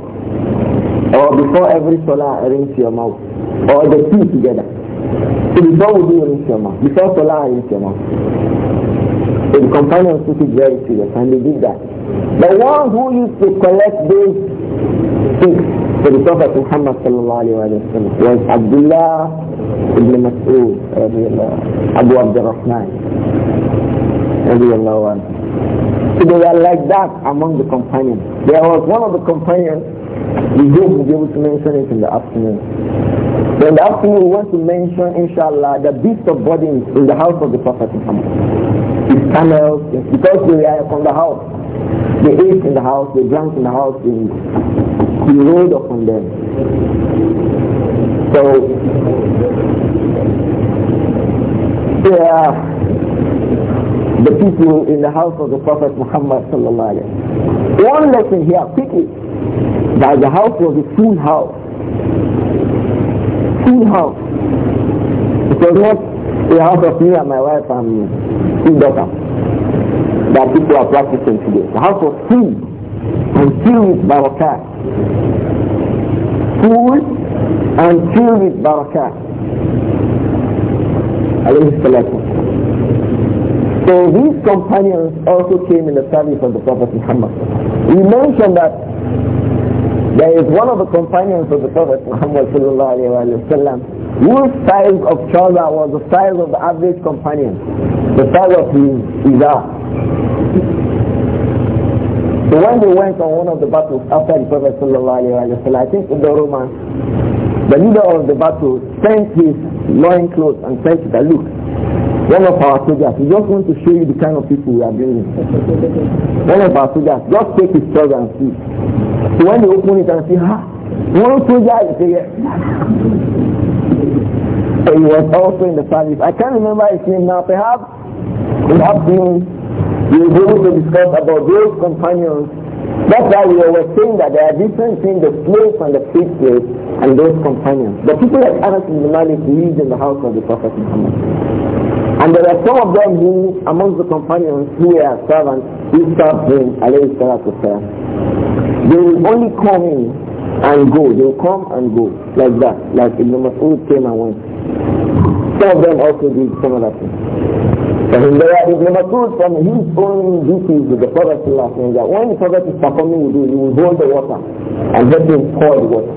Or before every salah, rinse your mouth. Or the two together. So before wudu, rinse your mouth. Before salah, rinse your mouth the companions took it very serious and they did that. The one who used to collect those things for the Prophet Muhammad was Abdullah ibn Mas'ud Abu Abdurrahman So they were like that among the companions. There was one of the companions, we hope we'll be able to mention it in the afternoon. In the afternoon we want to mention, inshallah, the beast of burdens in the house of the Prophet Muhammad camels, because they were from the house. They ate in the house, they drank in the house, they, they rode upon them. So, yeah, the people in the house of the Prophet Muhammad sallallahu alaihi One lesson here, quickly, that the house was a full house. Full house. It was not the house of me and my wife and two daughters that people are practicing today. The house was filled and filled with barakah. Full and filled with barakah. So these companions also came in the service of the Prophet Muhammad. We mentioned that there is one of the companions of the Prophet Muhammad whose size of trouser was the size of the average companion, the size of his izar. So when they went on one of the battles after the Prophet I think in the Roman, the leader of the battle sent his loin cloth and said to look, one of our soldiers, we just want to show you the kind of people we are building. One of our soldiers, just take his trouser and see. So when they open it and see, ha, one soldier is here. So he was also in the service. I can't remember his name now. Perhaps, perhaps you will able to discuss about those companions. That's why we were saying that there are different between the slaves and the free slaves and those companions. The people like Anas ibn Malik lived in the house of the Prophet Muhammad. And there are some of them who, amongst the companions who were servants, who served him, alayhi salatu They will only come in and go. They will come and go like that, like Ibn Mas'ud came and went. Some of them also do similar things. Fahindaya Ibn Masud from his own duties with the Prophet that when the Prophet is performing with you, he will hold the water and let him pour the water.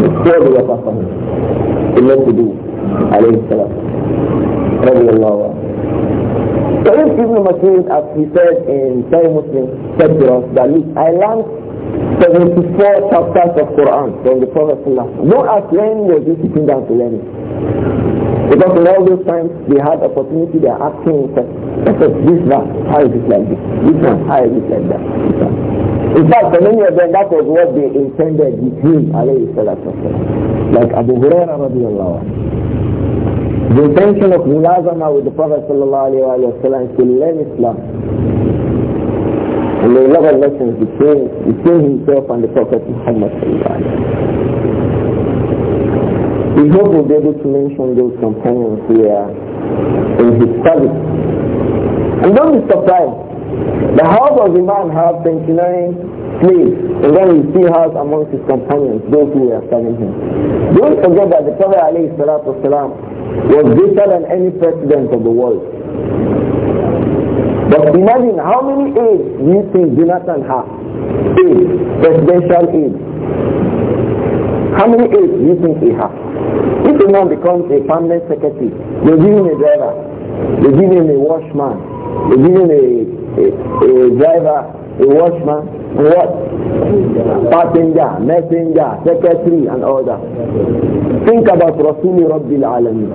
He pour the water for him. He let to do, alayhi salam. Allah. So if Ibn Masud, as he said in Sahih Muslim, said to us that, look, I learned 74 chapters of Quran from the Prophet Don't as when was he sitting down to learn it. Because in all those times they had opportunity, they are asking himself, this verse, how is it like this? This one, how is it like that? In fact, for many of them, that was what they intended with him, alayhi salatu Like Abu Huraira The intention of mulazama with the Prophet sallallahu alayhi wa sallam is to learn Islam and there lessons between, between himself and the Prophet Muhammad We hope we'll be able to mention those companions here in his study. And don't be surprised. The house of the man has 29 slaves, and then he see has amongst his companions those who were serving him. Don't forget that the Prophet was greater than any president of the world. But imagine how many aides do you think Jonathan has? Aides, presidential aides. How many aides do you think he has? If a man becomes a permanent secretary, they give him a driver, they give him a washman, they give him a, a, a driver, a washman, a what? Passenger, messenger, secretary, and all that. Think about Rasulullah Rabbil Alameen.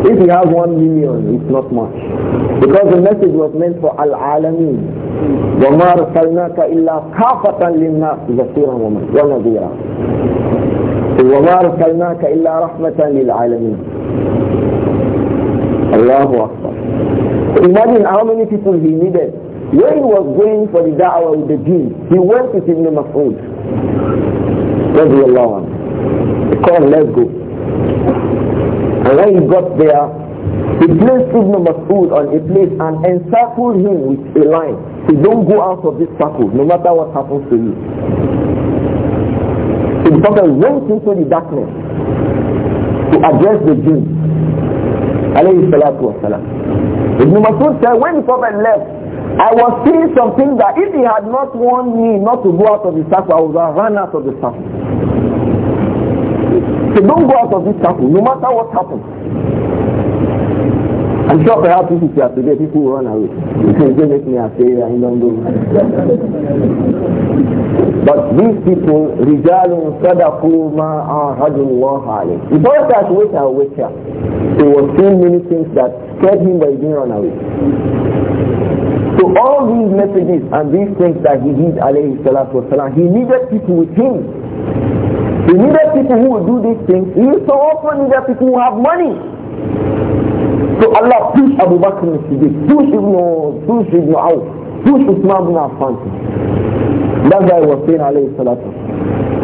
If you have one million, it's not much. Because the message was meant for Al-Alameen. وَمَا رَسَلْنَاكَ إِلَّا كَافَةً لِلنَّاسِ بَصِيرًا وَنَذِيرًا وَمَا رَسَلْنَاكَ إِلَّا رَحْمَةً لِلْعَالَمِينَ Allahu Akbar. Imagine how many people he needed. When he was going for the da'wah with the jinn, he went with Ibn Mas'ud. رضي الله عنه. He called, let's go. And when he got there, he placed Ibn Mas'ud on a place and encircled him with a line. He don't go out of this circle, no matter what happens to you. So the Prophet went into the darkness to address the Jews. Alayhi salatu wasalam. Ibn Mas'ud said, when the Prophet left, I was seeing something that if he had not warned me not to go out of the circle, I would have run out of the circle. So don't go out of this temple, no matter what happens. I'm sure perhaps this you here today, people will run away. You can say, let me say, I don't go. but these people, رِجَالٌ صَدَقُوا مَا أَعْهَدُ اللَّهَ عَلَيْهِ He brought that wait and wait here. There were so many things that scared him that he didn't run away. So all these messages and these things that he did, alayhi salatu wasalam, he needed people with him they needed people who will do these things. He so often needed people who have money. So Allah push Abu Bakr as Siddiq, push Ibn, push Ibn Auf, push Uthman ibn Affan. That's why I was saying alayhi salatu.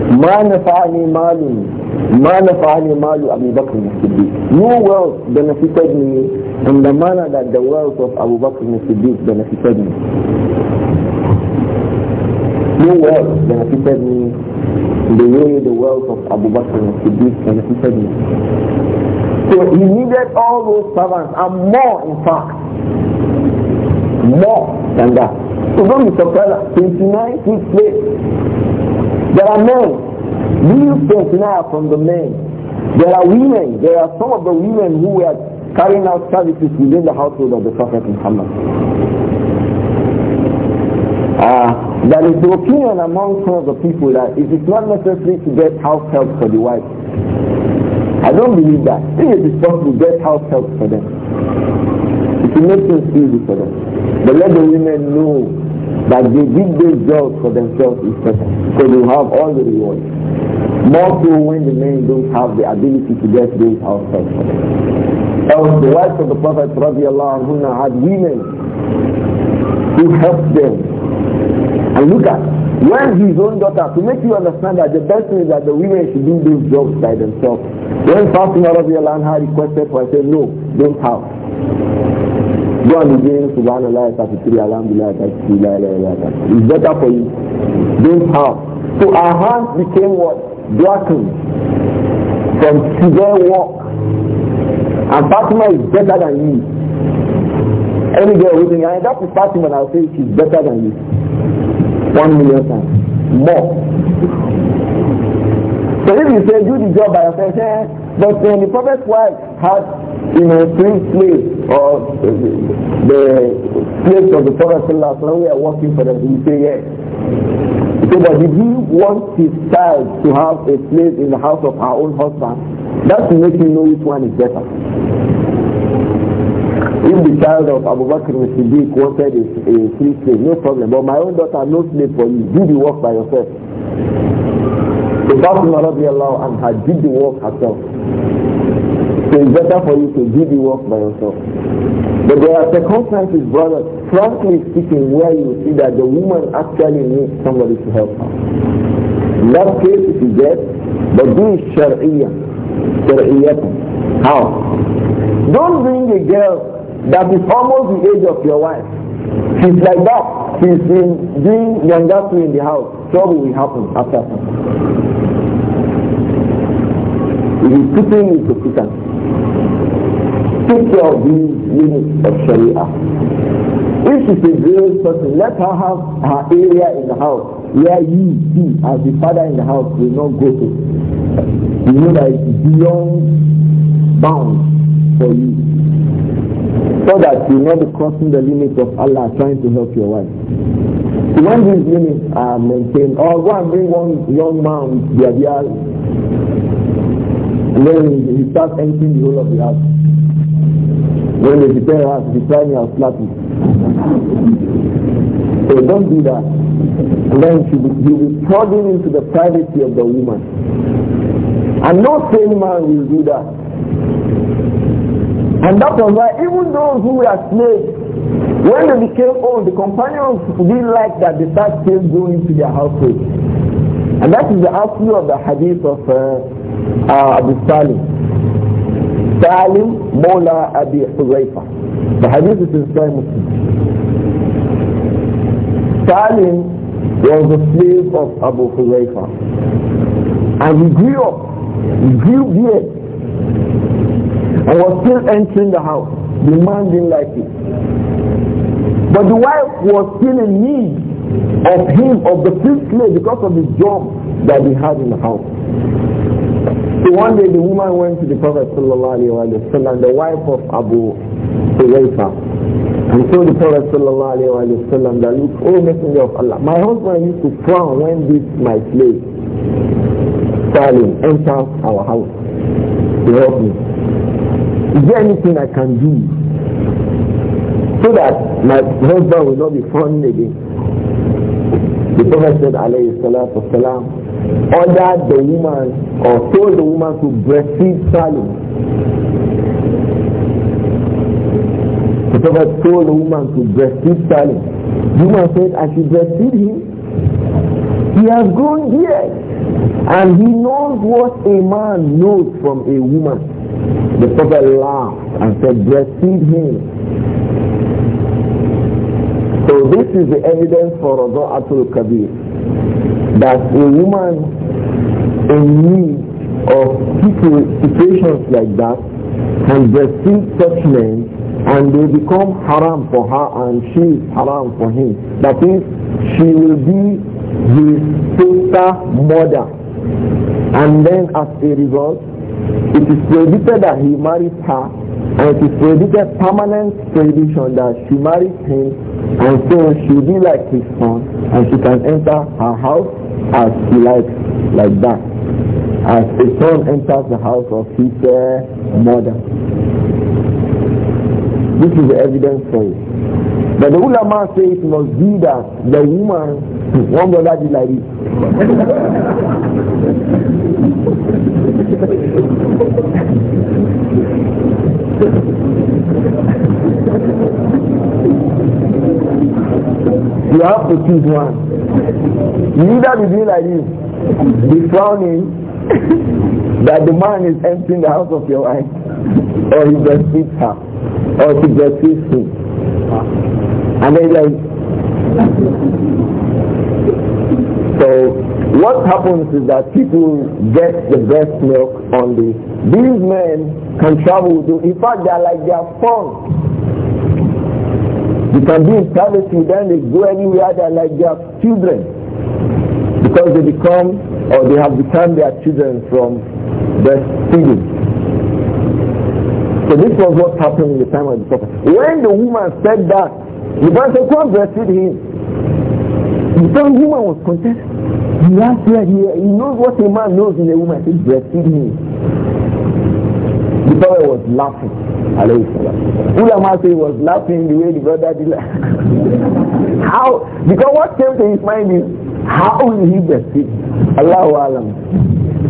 ما نفعني مال ما نفعني مال أبي بكر الصديق no wealth benefited me in the manner that the wealth of Abu Bakr الصديق benefited me no wealth benefited me the way the wealth of Abu Bakr Siddiq benefited him. So he needed all those servants and more in fact. More than that. So don't be surprised. 29 took place. There are men. These 29 are from the men. There are women. There are some of the women who were carrying out services within the household of the Prophet Muhammad. Uh, there is the opinion among some of the people that it is not necessary to get house help for the wife. I don't believe that. it is possible, get house help for them. It will make things easy for them. But let the women know that they did their job for themselves is better. So they have all the rewards. More so when the men don't have the ability to get those house help for them. Else the wife of the Prophet had women who helped them and look at, when his own daughter, to make you understand that the best thing is that the women should do those jobs by themselves. When Fatima Radiallahu had requested for, I said, no, don't have. Go and begin to Subhanallah, 33, Alhamdulillah, 33, la, la, It's better for you. Don't have. So our hands became what? Blackened. From severe work. And Fatima is better than you. Any girl who thinks, ah, that is Fatima, I'll say she's better than you. one million times more. So if you say do the job by yourself, eh, but when the prophet's wife had you know three slaves or the slaves of the prophet sallallahu alaihi we are working for them, you say yes. So but if he wants his child to have a place in the house of her own husband? that's will make you know which one is better. If the child of Abu Bakr Siddiq wanted a, a free slave, no problem. But my own daughter, no slave for you. Do the work by yourself. be Fatima and anha did the work herself. So it's better for you to do the work by yourself. But there are circumstances, brothers, frankly speaking, where you see that the woman actually needs somebody to help her. In that case, it is death, but do it shari'iyah, How? Don't bring a girl that is almost the age of your wife. She's like that. She's been doing younger two in the house. Trouble will happen after You It is putting into prison. Take care of these units of Sharia. If she's a great person, let her have her area in the house where you as the father in the house will not go to. You know that it's beyond bounds for you so that you not be crossing the limits of Allah trying to help your wife. When these limits are maintained, or go and bring one young man the ideal, and then he starts entering the whole of the house. When they prepare us, they try me and slap you. So don't do that. And then you will be prodding into the privacy of the woman. And no sane man will do that. And that was why even those who were slaves, when they became old, the companions didn't like that the tax still going to their houses. And that is the outflow of the hadith of uh, uh, Abu Salim. Salim Abi Huzaifa. The hadith is in Sahih Muslim. Salim was the slave of Abu Huzaifa. And he grew up, he grew beard, and was still entering the house. The man didn't like it. But the wife was still in need of him, of the priest slave, because of the job that he had in the house. So one day the woman went to the Prophet sallallahu and the wife of Abu Hurayfa, and told the Prophet sallallahu that, look, oh messenger of Allah, my husband used to frown when this my slave, Salim, enters our house to help me. Is there anything I can do so that my husband will not be falling again? The Prophet said, alayhi salatu wasalam, ordered the woman or told the woman to breastfeed Salim. The Prophet told the woman to breastfeed Salim. The woman said, I should breastfeed him. He has grown here. And he knows what a man knows from a woman. The Prophet laughed and said, breastfeed him. So this is the evidence for Radha'atul Kabir. That a woman in need of situations like that can breastfeed such men and they become haram for her and she is haram for him. That is, she will be his sister mother. And then as a result, it is predicted that he marries her and it is predicted permanent prohibition that she marries him and so she'll be like his son and she can enter her house as she likes like that as a son enters the house of his uh, mother this is the evidence for it But the ulama say it must be that the woman, one brother did like this. you have to choose one. You either be doing like this, be frowning that the man is entering the house of your wife, or he just breastfeeds her, or she breastfeeds him. And then like, so what happens is that people get the best milk on the, these men can travel to, in fact they are like they are fun. You can be in privacy, then they go anywhere, they are like they are children. Because they become, or they have become their children from feeding. So this was what happened in the time of the Prophet. When the woman said that, the man said, God breastfeed him. The woman was content. He has here. he, he knows what a man knows in a woman. He breastfeed him. The brother was laughing. Ulama said he was laughing the way the brother did. how? Because what came to his mind is, how will he breastfeed? Allahu Alam.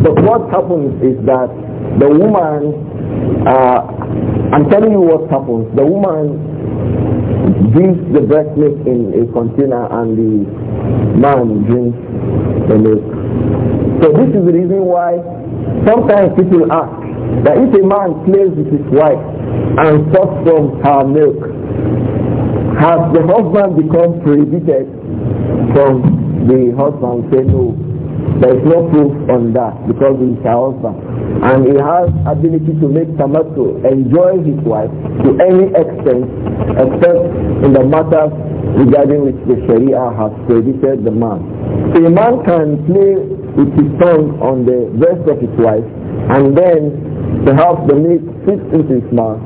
But what happens is that the woman, uh, I'm telling you what happens. The woman drinks the breast milk in a container and the man drinks the milk. So this is the reason why sometimes people ask that if a man plays with his wife and sucks from her milk, has the husband become prohibited from the husband? Say no. There is no proof on that because he is her husband. And he has ability to make Tamattu enjoy his wife to any extent except in the matters regarding which the Sharia has prohibited the man. So a man can play with his tongue on the breast of his wife and then help the meat fits into his mouth.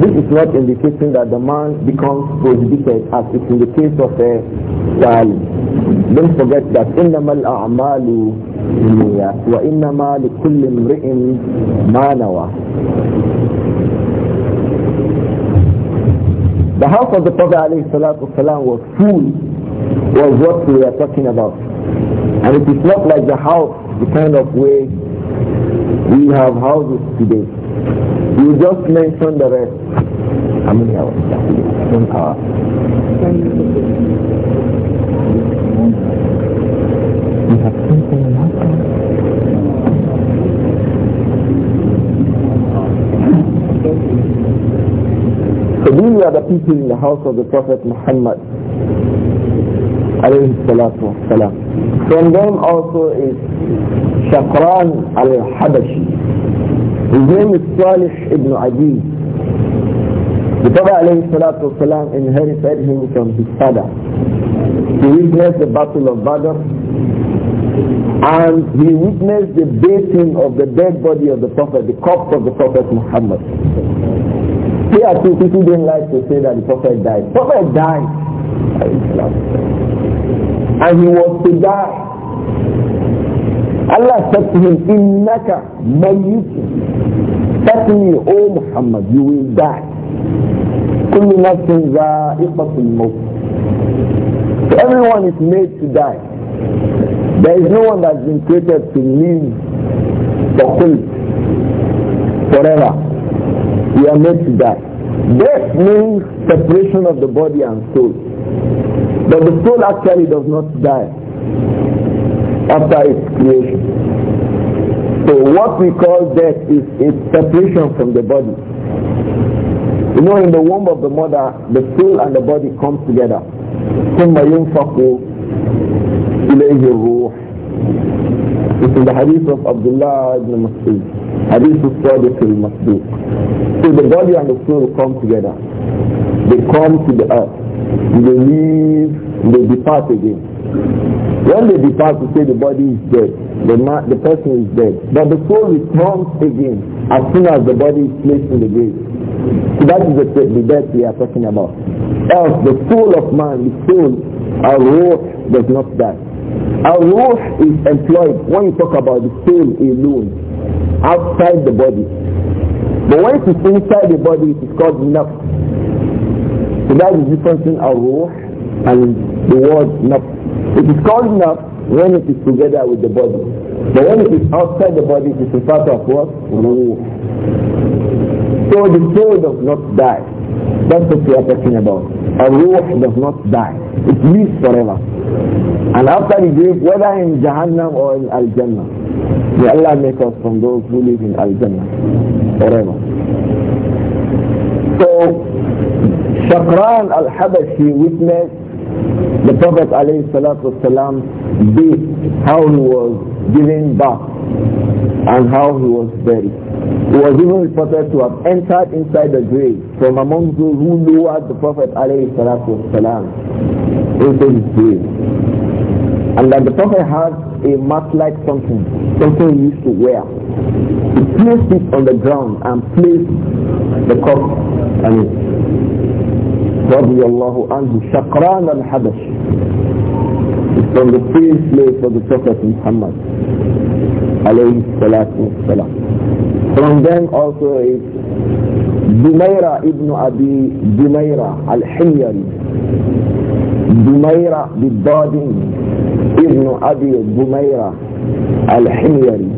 This is not indicating that the man becomes prohibited as it's in the case of uh, a child. Don't forget that إِنَّمَا الْأَعْمَالُ نِيَّاتِ وَإِنَّمَا لِكُلِّ امْرِئٍ مَا نَوَى the house of the Prophet والسلام, was full was what we are talking about. And it is not like the house, the kind of way we have houses today. You just mentioned the rest. How many houses? One hour. have something in that So these are the people in the house of the Prophet Muhammad salatu From them also is Shakran al-Habashi. His name is Salih ibn Adi. The Prophet salam inherited him from his father. He witnessed the Battle of Badr and he witnessed the bathing of the dead body of the Prophet, the corpse of the Prophet Muhammad. Here two people didn't like to say that the Prophet died. The Prophet died. And he was to die. Allah said to him, Innaka to me, O Muhammad, you will die. كل نفس ذائقة الموت. So everyone is made to die. There is no one that's been created to live the whole forever. We are made to die. Death means separation of the body and soul. But the soul actually does not die after its creation. So what we call death is a separation from the body. You know, in the womb of the mother, the soul and the body come together. ثم ينفق إليه الروح. This is the hadith of Abdullah ibn Masud. Hadith of Sadiq al-Masduq. So the body and the soul come together. They come to the earth. They leave, they depart again. When they depart to say the body is dead, the, the person is dead. But the soul returns again as soon as the body is placed in the grave. So that is the, the death we are talking about. Else, the soul of man, the soul, our root does not die. Our root is employed when you talk about the soul alone, outside the body. But when it is inside the body, it is called nafs. So that is the difference between our root and the word nafs. It is called not when it is together with the body. But when it is outside the body, it is a part of what? Ruh. So the soul does not die. That's what we are talking about. A ruh does not die. It lives forever. And after the grave, whether in Jahannam or in Al-Jannah, may Allah make us from those who live in Al-Jannah forever. So, Shakran al-Habashi witnessed the Prophet والسلام, did how he was given birth and how he was buried. He was even reported to have entered inside the grave from among those who lowered the Prophet والسلام, into his grave. And that the Prophet had a mat-like something, something he used to wear. He placed it on the ground and placed the cup on it. رضي الله عنه شقران الحبش from the field place of the Prophet Muhammad عليه الصلاة والسلام From them also is Dumaira ibn Abi Dumaira al-Himyari. بالضاد ابن أبي دميرة الحميري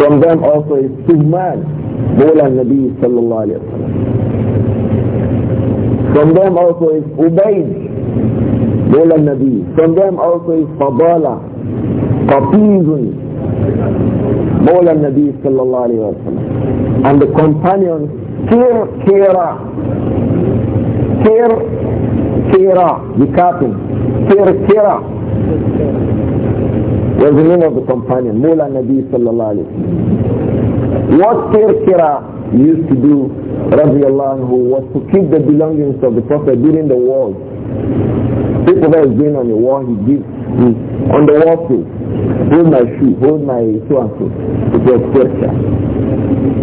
From them also is Suman مولى النبي صلى الله عليه وسلم From them also is Ubayd, Mawla Nabi. From them also is Fadala, Qatizun, Mawla Nabi sallallahu alayhi wa sallam. And the companions, Kir Kira, Kir Kira, the captain, Kir Kira was the name of the companion, Mula Nabi sallallahu alayhi What Kira used to do, radiallahu anhu, was to keep the belongings of the Prophet during the war. People that is going on the war, he gives me on the war too. Hold my shoe, hold my so and so. It was Kira.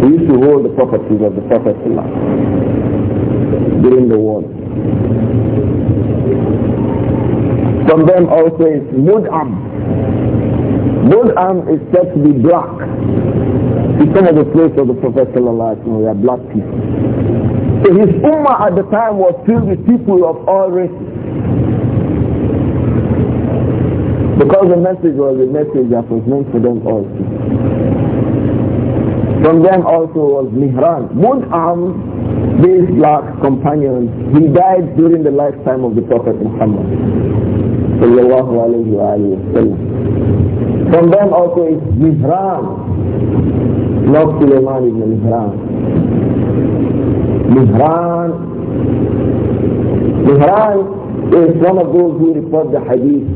He used to hold the properties of the Prophet during the war. From them also is Mud'am, both arms is said to be black. In some of the place of the Prophet Sallallahu Alaihi Wasallam, black people. So his ummah at the time was filled with people of all races. Because the message was a message that was meant for them also. From them also was Mihran. Mud'am, this black companion, he died during the lifetime of the Prophet Muhammad sallallahu alayhi wa sallam. From them also is Mihran, not Sulaiman ibn Mihran. Mihran, Mihran is one of those who report the hadith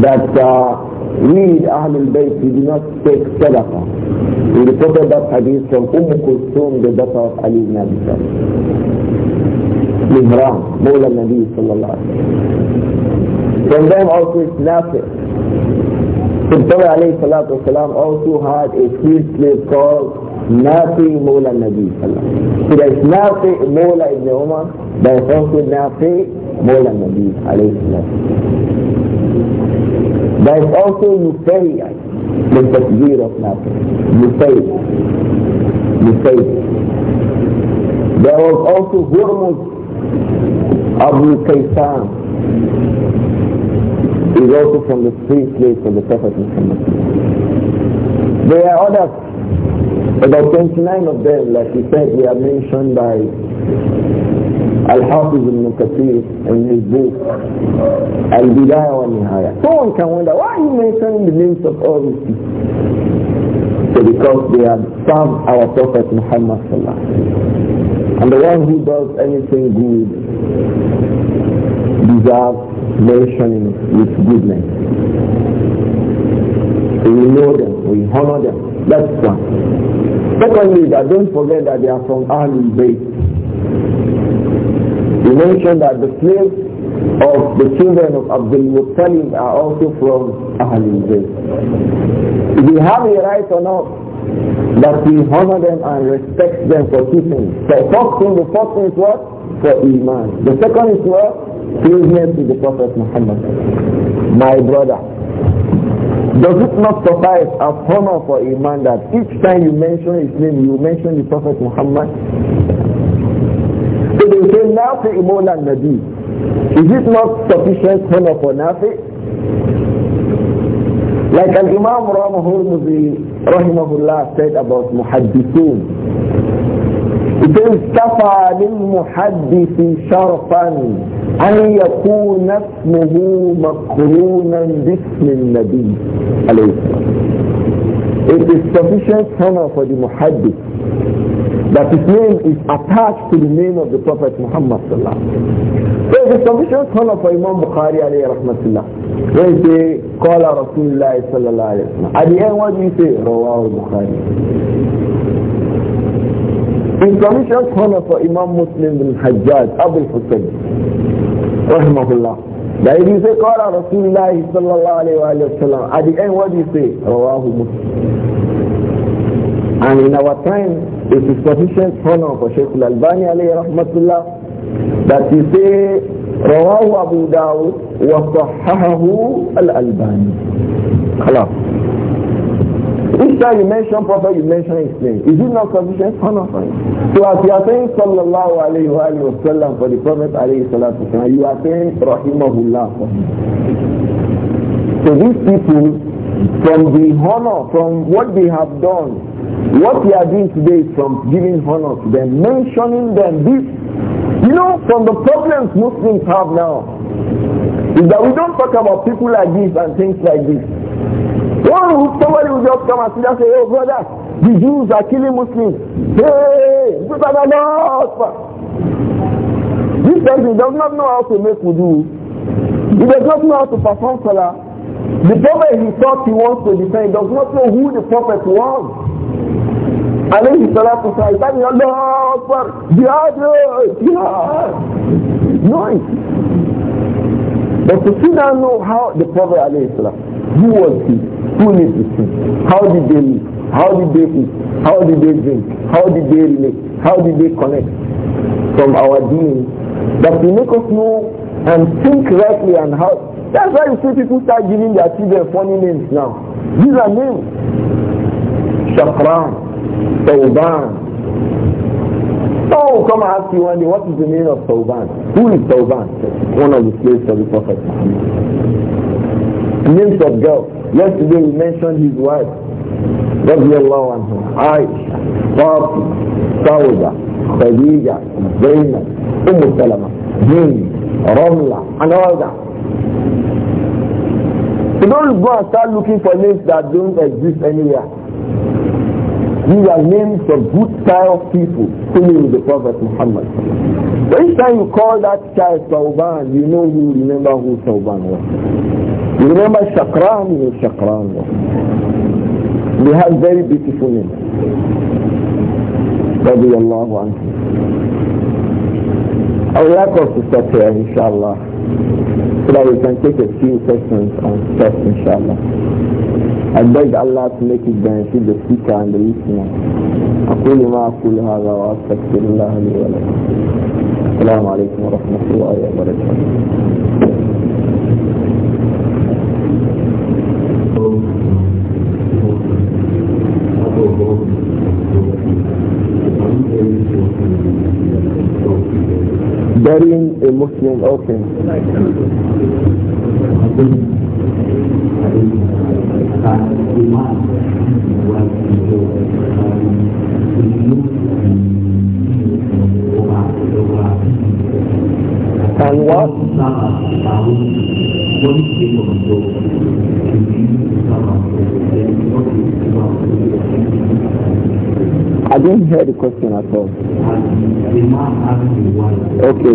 that uh, we Ahlul Bayt, we do not take sadaqah. We reported that hadith from Umm Kulthum, the daughter of Ali ibn Abi Talib. Mihram, Mawla Nabi sallallahu alayhi wa From them also is Nafi. So Prophet alayhi salatu wasalam also had a field slave called Nafi Mawla Nabi sallallahu So there is Nafi Mawla Ibn Umar, there is also Nafi Mawla Nabi alayhi salatu There is also Nufayya, the Takbir of Nafi. Nufayya. Nufayya. There was also Hormuz. Abu Kaysan is also from the three slaves of the Prophet Muhammad. There are others, about 29 of them, like we said, they are mentioned by Al-Hafiz al Kathir in his book Al-Bidaya wa Nihaya. Someone can wonder, why are you mentioning the names of all these people? So because they have served our Prophet Muhammad sallallahu and the one who does anything good deserves mentioning with goodness. So we know them, we honor them. That's one. Secondly, that don't forget that they are from Ahlul Bayt. We mentioned that the slaves of the children of Abdul Muttalib are also from Ahlul Bayt. Do we have a right or not that we honor them and respect them for two things. The first thing, the first thing is what? For Iman. The second is what? Closeness to the Prophet Muhammad. My brother. Does it not suffice as honor for Iman that each time you mention his name, you mention the Prophet Muhammad? So they say, Nafi Imola Nabi. Is it not sufficient honor for Nafi? Like an Imam Ramahul Rahimahullah said about Muhaddithun. It says, كفى للمحدث شرفا أن يكون اسمه مقرونا باسم النبي عليه It is sufficient honor for the muhaddith that his name is attached to the name of the Prophet Muhammad sallallahu alaihi wasallam. So the sufficient scholar for Imam Bukhari alayhi rahmatullah. When he say, Qala Rasulullah sallallahu alayhi wasallam. At the end, what do you say? Rawah Bukhari. In sufficient scholar for Imam Muslim bin Hajjaj, Abu Hussein, rahmahullah. That if you say Qala Rasulullah sallallahu alayhi wa sallam, at the end, what do you say? al Muslim. And in our time, it is sufficient honor for Sheikh Al-Albani alayhi rahmatullah that he say, رواه أبو داود وصححه الألباني. خلاص. Each time you mention Prophet, you mention his name. Is it not sufficient? Honor for him. So as you are saying sallallahu alayhi wa sallam for the Prophet alayhi salatu you are saying rahimahullah for him. So these people, from the honor, from what they have done. What we are doing today is from giving honor to them, mentioning them. This, you know, from the problems Muslims have now, is that we don't talk about people like this and things like this. One who somebody will just come and sit and say, oh brother, the Jews are killing Muslims. Hey, this person does not know how to make wudu. He does not know how to perform salah. The prophet he thought he wants to defend does not know who the prophet was. and then he Alayhi salatu wasalam, Allah Akbar, jihad, jihad. Nice. But to still now know how the prophet Allah salam, who was he? Who lived he, How did they live? How did they eat? How did they drink? How did they relate? How did they connect from our being, That will make us know and think rightly and how that's why you see people start giving their children funny names now. These are names. Shafran, Tawban. Oh, come and ask you one day, what is the name of Tawban? Who is Tawban? One of the slaves of the Prophet. Names of girls. Yesterday we mentioned his wife. رضي الله عنهم عائشة فاطمة سودة خديجة زينب أم سلمة دين رملة أنا that. You don't go and start looking for names that don't exist anywhere. These are names of good style people singing with the Prophet Muhammad. So each time you call that child Sauban, you know you remember who Sauban was. You remember Shakran, you Shakran was. They have very beautiful names. رضي الله عنه. I would like us to stop here, inshallah. So that we can take a few sessions on stress, inshallah. I beg Allah to make it benefit the speaker and the listener. أقول ما أقول هذا وأستغفر الله لي ولكم. السلام عليكم ورحمة الله وبركاته. burying a Muslim okay. And what? I didn't hear the question at all. Okay. Okay.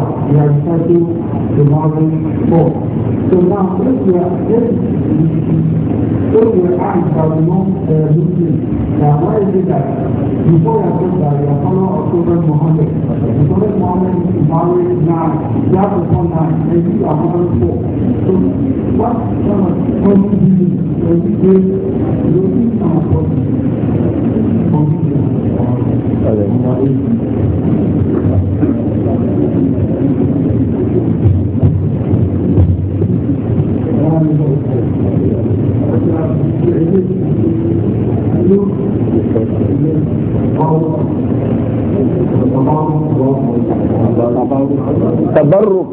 We are studying the morning four. So now, if we are, if Those who are armed are not uh, Muslims. Now, why is it that before your sister, you are follower of Prophet Muhammad, the Prophet Muhammad is married nine, you have to come nine, and you are married four. So, what kind of confusion when you say, you think I'm a person? Confusion. Thank you. tabarruk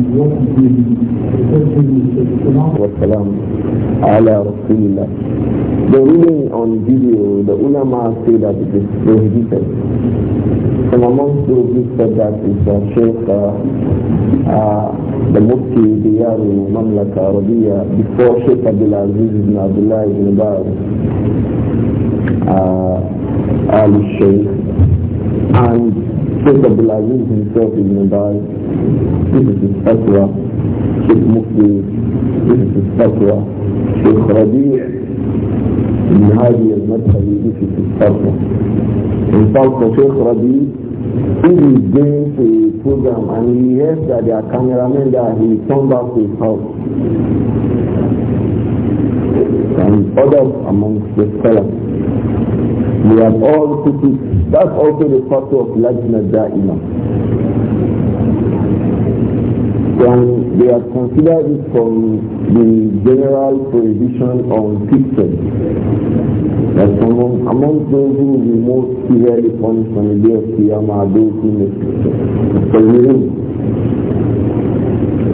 على رسول الله The reading on video, the ulama say that it is prohibited. From amongst those who said that is the Sheikh, uh, uh, the Mufti Diyaru Mamlaka Arabiya, before Sheikh Abdul Aziz ibn Abdullah ibn Baz, uh, Al-Sheikh, and Sheikh Abdulaziz himself is in Dubai. This is his fatwa. Sheikh Mufti, this is his fatwa. Sheikh Rabi' ibn Hadi al-Madhabi, this is his fatwa. In fact, for Sheikh Rabi' He is going to a program and he hears that there are cameramen there, he comes back to his house. And others amongst the scholars. We have all put it. That's also the photo of Lajna Da'ima. And we have considered it from the general prohibition on pictures. That among, among those who will be most severely punished on the day of Qiyamah are those who make pictures.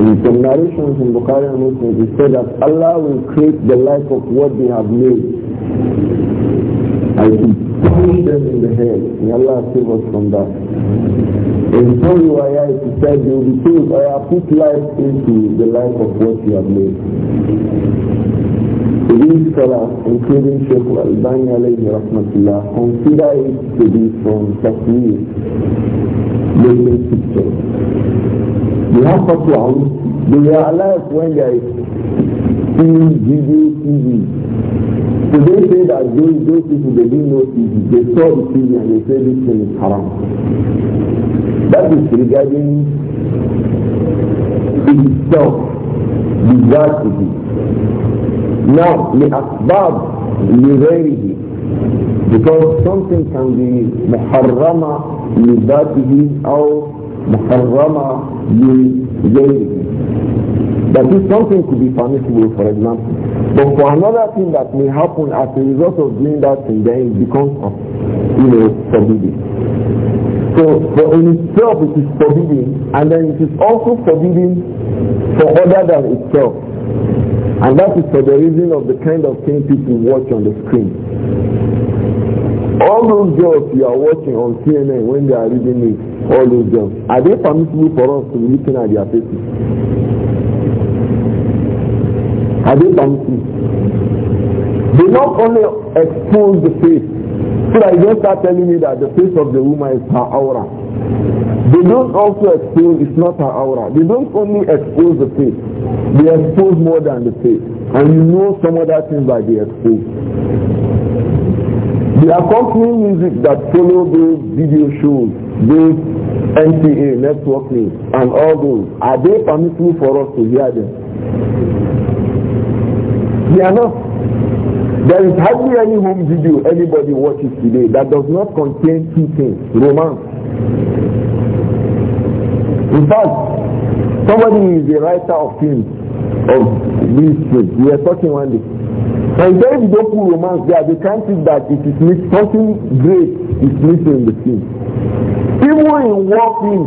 In some narrations in Bukhari and Muslim, it said that Allah will create the life of what they have made. I should them in the head. May Allah save us from that. In some riwayah it said you will be told, I have put life into the life of what you have made. These scholars, including Sheikh Al-Bani alayhi rahmatullah, consider it to be from the making pictures. The half of one, they realize when there is TV, video, TV, So they say that those, those people, they didn't know TV. They saw the TV and they said this thing is haram. That is regarding itself, the gratitude. Now, the asbab, the rarity, because something can be محرمة لذاته أو محرمة لغيره That is something could be permissible, for example. But for another thing that may happen as a result of doing that thing, then it becomes, uh, you know, forbidden. So, for in itself it is forbidden, and then it is also forbidden for other than itself. And that is for the reason of the kind of thing people watch on the screen. All those girls you are watching on CNN when they are reading it, all those girls, are they permissible for us to be looking at their faces? Are they bumpy? They not only expose the face, so that you don't start telling me that the face of the woman is her aura. They don't also expose, it's not her aura. They don't only expose the face, they expose more than the face. And you know some other things that they expose. The accompanying music that follow those video shows, those NCA networking and all those, are they permissible for us to hear them? They are not. There is hardly any home video anybody watches today that does not contain two things, romance. In fact, somebody is a writer of films, of these things. We are talking one day. And there is no full romance there. They can't think that it is missing, something great is missing in the film. Even in walking,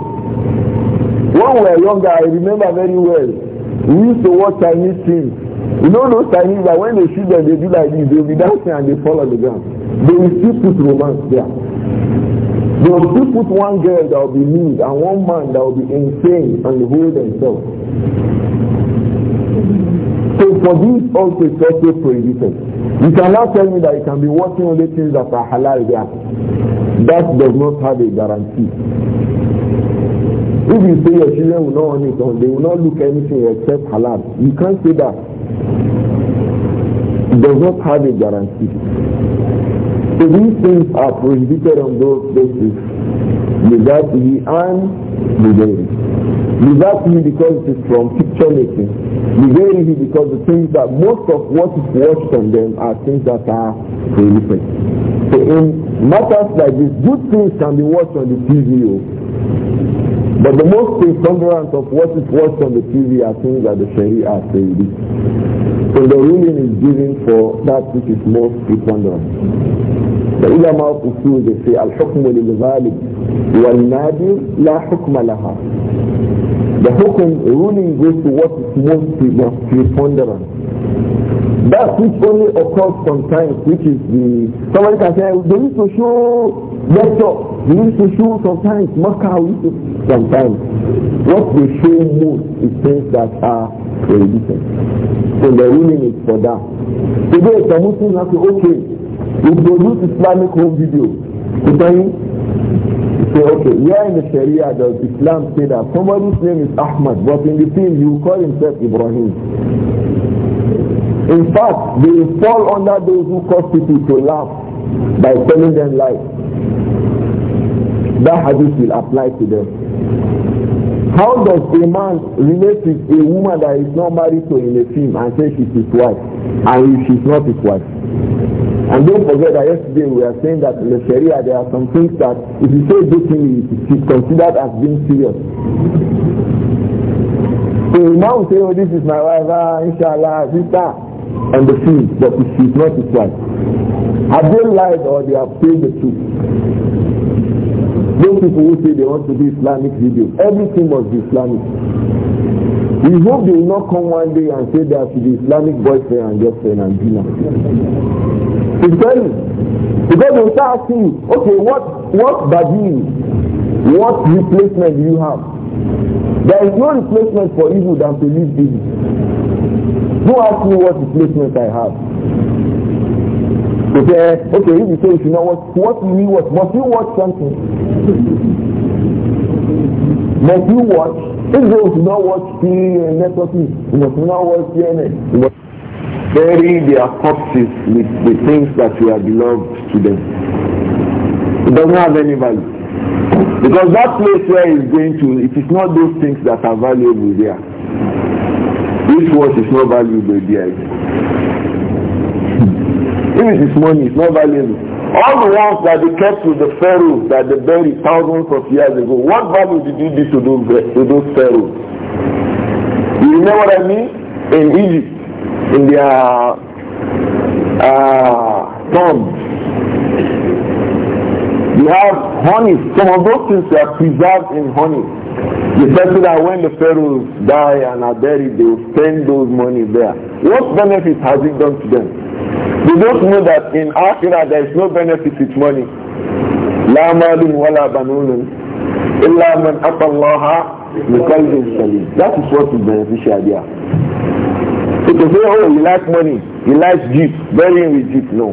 when we were younger, I remember very well, we used to watch Chinese films. You know those Chinese that when they shoot them, they do like this. They'll be dancing and they fall on the ground. They will still put romance there. They will still put one girl that will be nude and one man that will be insane and whole themselves. So for this also it's also prohibited. You cannot tell me that you can be watching only things that are halal there. That does not have a guarantee. If you say your children will not want it on, they will not look anything except halal. You can't say that does not have a guarantee. So these things are prohibited on those bases, without the and Bigari. Without him because it is from picture making. Bigari because the things that most of what is watched on them are things that are prohibited. So in matters like this, good things can be watched on the TV. Oh. But the most preponderance of what is watched on the TV are things that the Sharia saying. So the ruling is given for that which is most preponderant. The ulama of usul they say al-hukm lil-ghalib wal-nadir la hukm laha. The hukum ruling goes to what is most preponderant. That which only occurs sometimes, which is the somebody can say we need to show lecture, We need to show sometimes Makkah used to sometimes. What they show most is things that are prohibited. So the ruling is for that. Today some Muslims have to okay, we produce Islamic home video. You say, okay, where in the Sharia does Islam say that somebody's name is Ahmad, but in the film you call himself Ibrahim? In fact, they fall under those who cause people to laugh by telling them lies. That hadith will apply to them. How does a man relate with a woman that is not married to in a film and say she's his wife and if she's not his wife? And don't forget that yesterday we were saying that in the Sharia there are some things that if you say this thing it is considered as being serious. So now say, oh this is my wife, ah, inshallah, sister on the field, but is not his wife. Have they lied or they have told the truth? Those people who say they want to be Islamic video, everything must be Islamic. We hope they will not come one day and say that to be Islamic boyfriend and girlfriend and dinner. It's telling. Because they will start asking you, okay, what, what badil, what replacement do you have? There is no replacement for evil than to leave evil. Who asked me what displacement I have? They okay, if you say you know what, what you need watch? Must you watch something? Must you watch? If you should not watch TV and network, you must not watch eh? CNN. Bury their corpses with the things that have loved to them. It doesn't have any value. Because that place where it's going to, it is not those things that are valuable there. This watch is not valuable, dear. If it is money, it's not valuable. All the ones that they kept with the pharaohs that they buried thousands of years ago, what value did you do to those, uh, to those pharaohs? You know what I mean? In Egypt, in their uh, tombs, you have honey. Some of those things are preserved in honey. You better that when the pharaohs die and are buried, they will spend those money there. What benefit has it done to them? They don't know that in Africa there is no benefit with money. لا مال ولا بنون إلا من أتى الله بقلب سليم. That is what is beneficial there. So to say, oh, you like money, you like Jeep, burying with Jeep. No.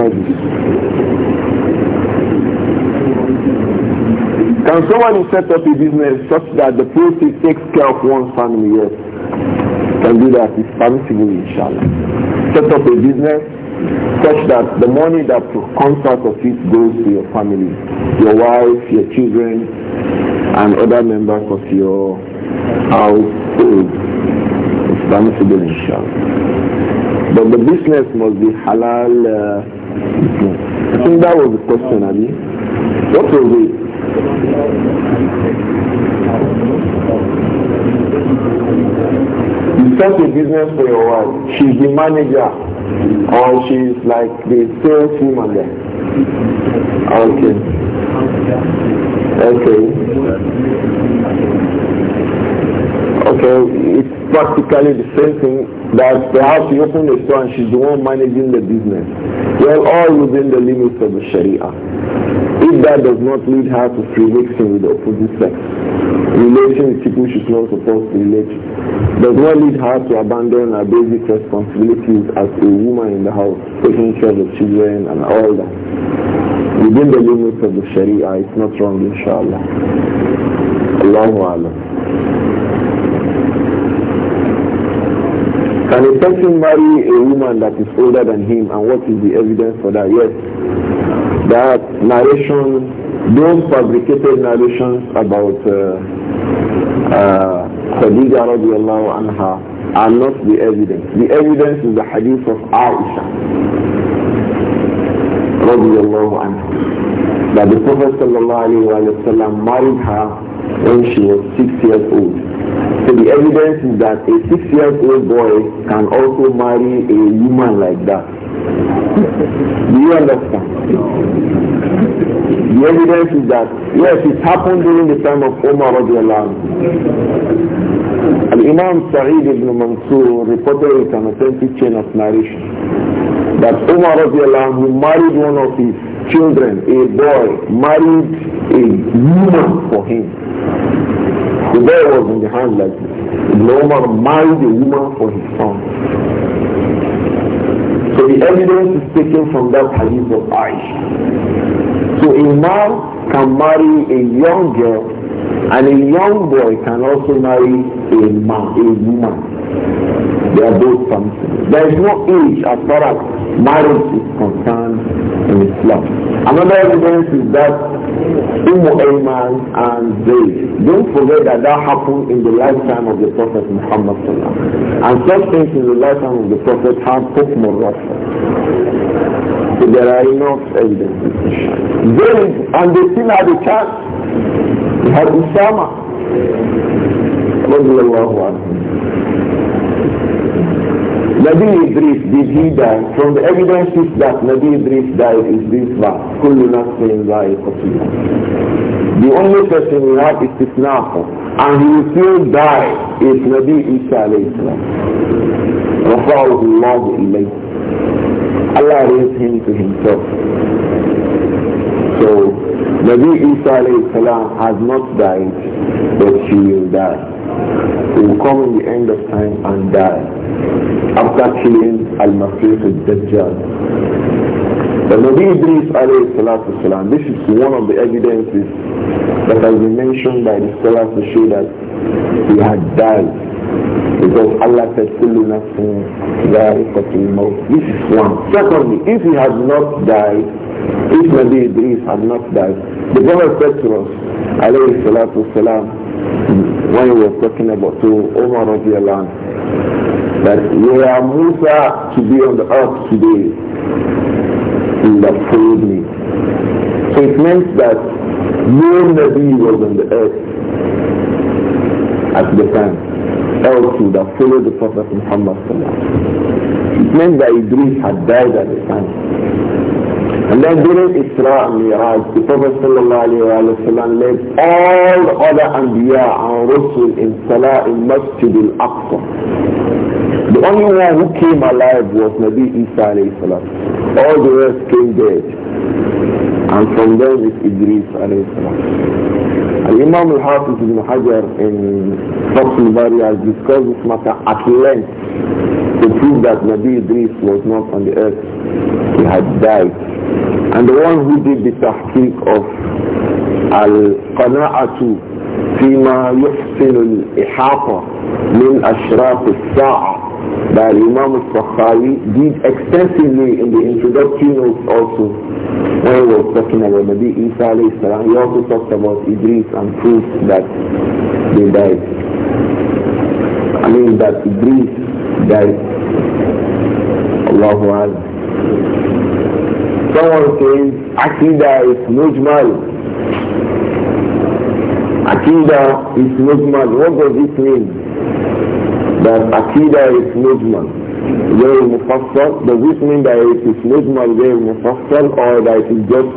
Not this. Can someone set up a business such that the proceeds takes care of one family? Yes. Can do that. It's permissible, inshallah. Set up a business such that the money that comes out of it goes to your family, your wife, your children, and other members of your household. It's permissible, inshallah. But the business must be halal uh, I think that was the question, Ali. What was it? You start a business for your wife. She's the manager or she's like the saleswoman there. Okay. Okay. Okay, it's practically the same thing that perhaps you open the store and she's the one managing the business. Well, all within the limits of the Sharia. If that does not lead her to free mixing with the opposite sex, relation with people she's not supposed to relate, does not lead her to abandon her basic responsibilities as a woman in the house, taking care of the children and all that. Within the limits of the Sharia, it's not wrong, inshallah. Allahu Alam. Can a person marry a woman that is older than him and what is the evidence for that? Yes. That narration, those fabricated narrations about uh, uh, Khadija radiallahu anha are not the evidence. The evidence is the hadith of Aisha radiallahu anha. That the Prophet sallallahu alayhi wa sallam married her when she was six years old. So the evidence is that a six-year-old boy can also marry a woman like that. Do you understand? The evidence is that, yes, it happened during the time of Umar radiallahu Al-Imam Sa'id ibn Mansur reported it an authentic chain of narration that Umar radiallahu married one of his children, a boy, married a woman for him. The boy was in the hand like this. Ibn married a woman for his son. So the evidence is taken from that hadith of Aisha. So a man can marry a young girl and a young boy can also marry a man, a woman. They are both something. There is no age as far as marriage is concerned in Islam. Another evidence is that Umm Ayman and Zayd. Don't forget that that happened in the lifetime of the Prophet Muhammad And such things in the lifetime of the Prophet have hukm So there are enough evidences. Zayd, and they still had a chance. He had Usama. رضي الله عنه Nabi Idris, did he die? From the evidences that Nabi Idris died is this verse, كل نفس ذائقة The only person we have is this Nafa, and he will still die is Nabi Isa رفعه الله إليه. Allah raised him to himself. So, Nabi Isa has not died, but she will die who will come in the end of time and die after killing Al-Masih al-Dajjal. The Nabi Idris alayhi salatu salam, this is one of the evidences that has been mentioned by the scholars to show that he had died. Because Allah said, Kullu nafsin dha'iqatul maut. This is one. Secondly, if he had not died, if Nabi Idris had not died, the Prophet said to us, alayhi salatu salam, when he was talking about to Omar Land, that are Musa to be on the earth today, he would have me. So it means that no Nabi was on the earth at the time. Else would have followed the Prophet Muhammad. It means that Idris had died at the time. And then during Isra and Miraj, the Prophet ﷺ led all the other Anbiya and Rasul in Salah in Masjid al-Aqsa. The only one who came alive was Nabi Isa salam. All the rest came dead. And from them is Idris salam. Imam al-Hafiz ibn Hajar in Fatul Bari has discussed this matter at length to prove that Nabi Idris was not on the earth. He had died. And the one who did the tahqiq of al-qana'atu al-ihāqa min من al الساعة by Imam al-Sakhawi did extensively in the introduction notes also when he was talking about Nabi Isa salam, he also talked about Idris and proof that they died. I mean that Idris died. Allahu Akbar someone says Akida is Mujmal. Akida is Mujmal. What does it mean? That Akida is Mujmal. غير مفصل does this mean that it is مجمل غير مفصل or that it is just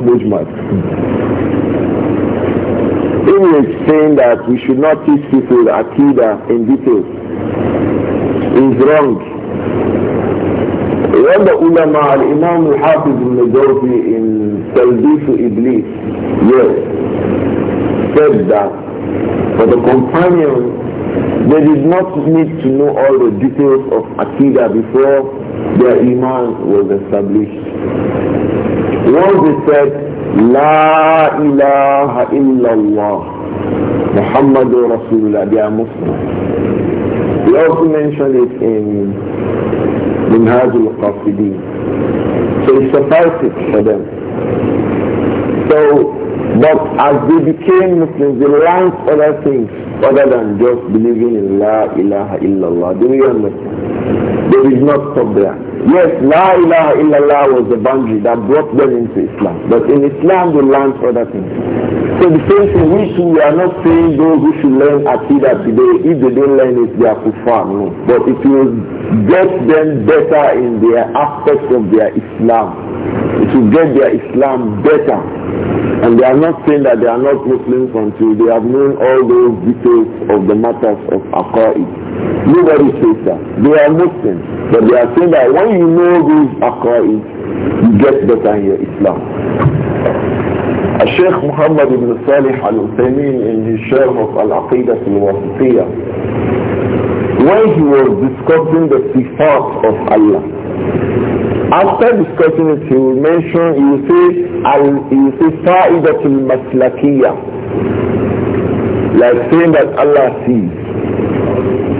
He It is saying that we should not teach people Akida in detail is wrong when the ulama, al-imam al-hafiz ibn Jawzi in Talbis Iblis, yes, said that for the companions, they did not need to know all the details of Akida before their iman was established. Once they said, La ilaha illallah, Muhammadur Rasulullah, they are muslim He also mentioned it in منهاج القاصدين so it suffices for them so but as they became Muslims they learned other things other than just believing in La ilaha illallah do you understand There is not stop there Yes, La ilaha illallah was the boundary that brought them into Islam. But in Islam they learn other things. So the same thing, we too, we are not saying those who should learn Aqidah today, if they don't learn it, they are kuffar, no. But it will get them better in their aspects of their Islam will get their Islam better. And they are not saying that they are not Muslims until they have known all those details of the matters of Aqa'id. Nobody says that. They are Muslims. But they are saying that when when you know these aqa'id, you get better in your Islam. Sheikh Muhammad Ibn Salih Al العثيمين in his share of Al-Aqidah Al-Wasitiyah when he was discussing the sifat of Allah after discussing it he will mention he will say he will say fa'idatul maslakiyah like saying that Allah sees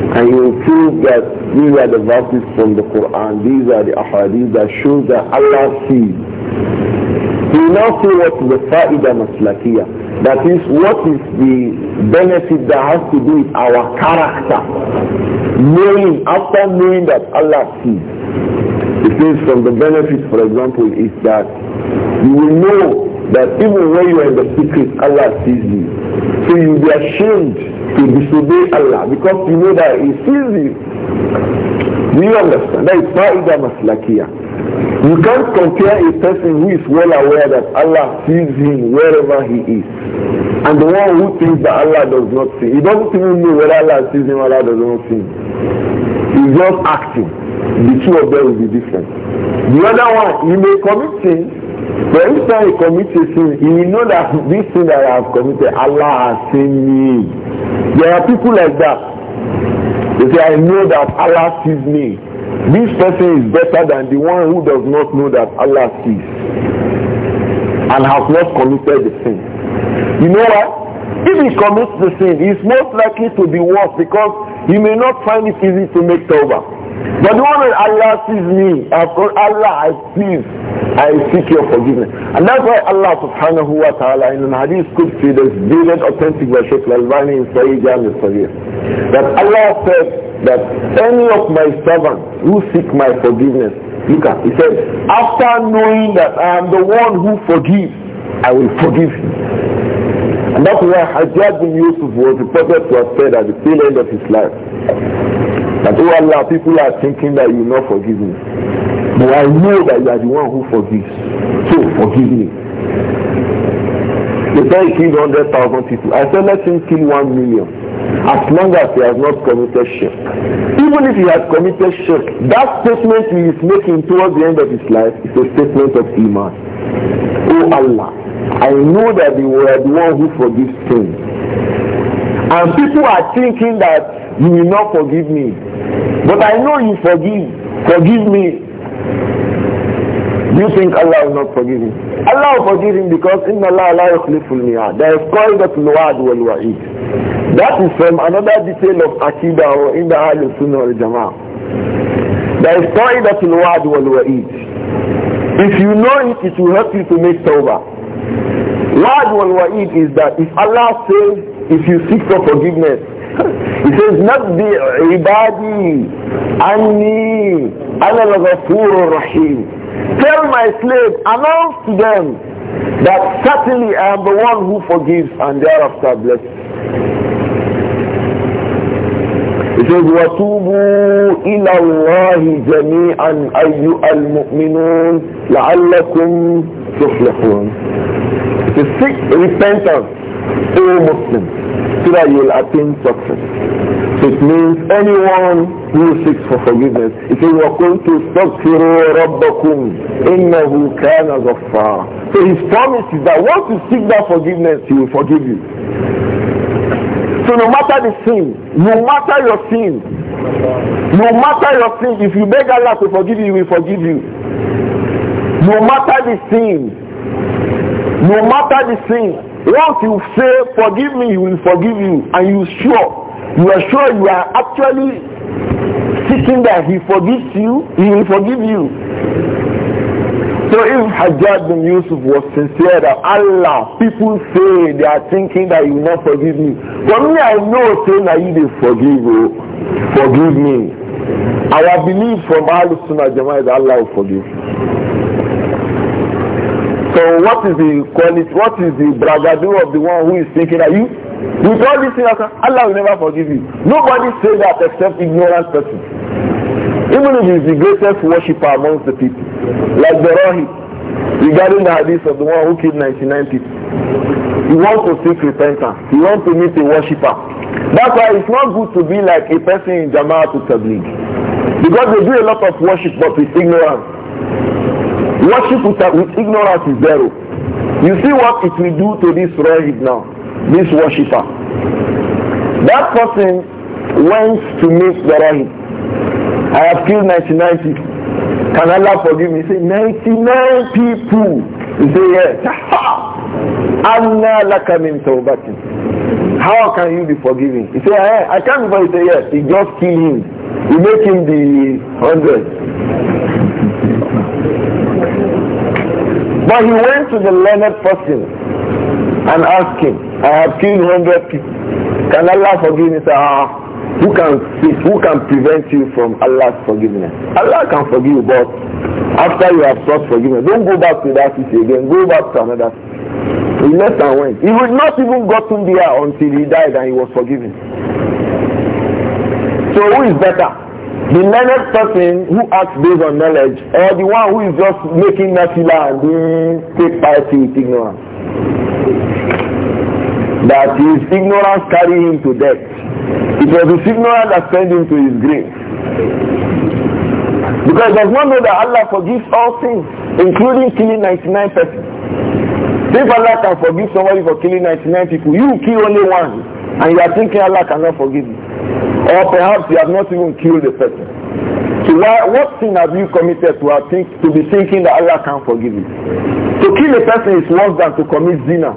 and you will prove that these are the verses from the Quran, these are the ahadith that show that Allah sees. He now see what is the fa'idah maslakiyah. That is, what is the benefit that has to do with our character. Knowing, after knowing that Allah sees. It says from the benefit, for example, is that you will know that even when you are in the secret, Allah sees you. So you will be ashamed to disobey Allah because you know that He sees you. Do you understand? That is Fa'ida Maslakiya. You can't compare a person who is well aware that Allah sees him wherever he is. And the one who thinks that Allah does not see. He doesn't even know whether Allah sees him or Allah does not see him. He's just acting. The two of them will be different. The other one, he may commit sins, but each time he commits a sin, he will know that this sin that I have committed, Allah has seen me. There are people like that. They say, I know that Allah sees me. This person is better than the one who does not know that Allah sees and has not committed the sin. You know what? If he commits the sin, he is most likely to be worse because he may not find it easy to make tawbah. But the moment Allah sees me, after Allah I I seek your forgiveness. And that's why Allah subhanahu wa ta'ala in an hadith could see this brilliant authentic by sheik in Sahih Jami Sahih. That Allah said that any of my servants who seek my forgiveness, look at, he said, after knowing that I am the one who forgives, I will forgive you. And that's why Hajjaj bin Yusuf was reported to have said at the tail end of his life. That, oh Allah, people are thinking that you are not forgiving. But I know that you are the one who forgives. So forgive me. The guy killed 100,000 people. I said, let him kill 1 million. As long as he has not committed shirk. Even if he has committed shirk, that statement he is making towards the end of his life is a statement of Iman. Oh Allah, I know that you are the one who forgives sins. And people are thinking that you will not forgive me. But I know you forgive. Forgive me. You think Allah will not forgive Allah will forgive him because in Allah la yukhliful miyad. There is qaidatul wa'd wal wa'id. That is from another detail of Aqidah or in the of Sunnah wal Jama'ah. There is qaidatul wa'd wal wa'id. If you know it, it will help you to make tawbah. Large one, wal wa'id is that if Allah says, if you seek for forgiveness, he says, نَبِّعْ عِبَادِي أَنِّي أَنَا الْغَفُورُ rahim. Tell my slave, announce to them that certainly I am the one who forgives and thereafter blesses. He says, وَتُوبُوا إِلَى اللَّهِ جَمِيعًا أَيُّهَا الْمُؤْمِنُونَ لَعَلَّكُمْ تُفْلِحُونَ it is seek repentance in Muslims so that you will attain success. It means anyone who seeks for forgiveness. It says, وَكُنْتُ اسْتَغْفِرُوا رَبَّكُمْ إِنَّهُ كَانَ غَفَّارًا So his promise is that once you seek that forgiveness, he will forgive you. So no matter the sin, no matter your sin, no matter your sin, if you beg Allah to forgive you, he will forgive you. No matter the sin, no matter the sin, once you say, forgive me, he will forgive you. And you sure, you are sure you are actually seeking that he forgives you, he will forgive you. So if Hajjaj bin Yusuf was sincere that Allah, people say they are thinking that he will not forgive me. But me, I know saying that you will forgive you. Oh, forgive me. Our belief from Al Sunnah Jama'ah is Allah will forgive. So what is the quality, what is the braggadocio of the one who is thinking at you? With all these things, Allah will never forgive you. Nobody say that except ignorant person. Even if he is the greatest worshipper amongst the people. Like the Rahib, regarding the hadith of the one who killed 99 people. He wants to seek repentance. He wants to meet a worshipper. That's why it's not good to be like a person in Jama'at to Tabligh. Because they do a lot of worship but with ignorance. Worship with, uh, with ignorance is zero. You see what it will do to this rahib now, this worshipper. That person went to meet the rahib. I have killed 99 people. Can Allah forgive me? He said, 99 people. He said, yes. Anna laka min tawbatin. How can you be forgiven? He said, hey, eh, I can't even say He yes. He just killed him. He made him the 100. But he went to the learned person and asked him, I have killed 100 people. Can Allah forgive me? ah, who can, who can prevent you from Allah's forgiveness? Allah can forgive you, but after you have sought forgiveness, don't go back to that city again. Go back to another city. He left and went. He would not even gotten there until he died and he was forgiven. So who is better? The learned person who acts based on knowledge or the one who is just making nafila and doing take piety with ignorance. That his ignorance carry him to death. It was his ignorance that sent him to his grave. Because does not know that Allah forgives all things, including killing 99 persons. If Allah can forgive somebody for killing 99 people, you kill only one, and you are thinking Allah cannot forgive you. Or perhaps you have not even killed the person. So why, what sin have you committed to, have think, to be thinking that Allah can forgive you? To kill a person is worse than to commit zina.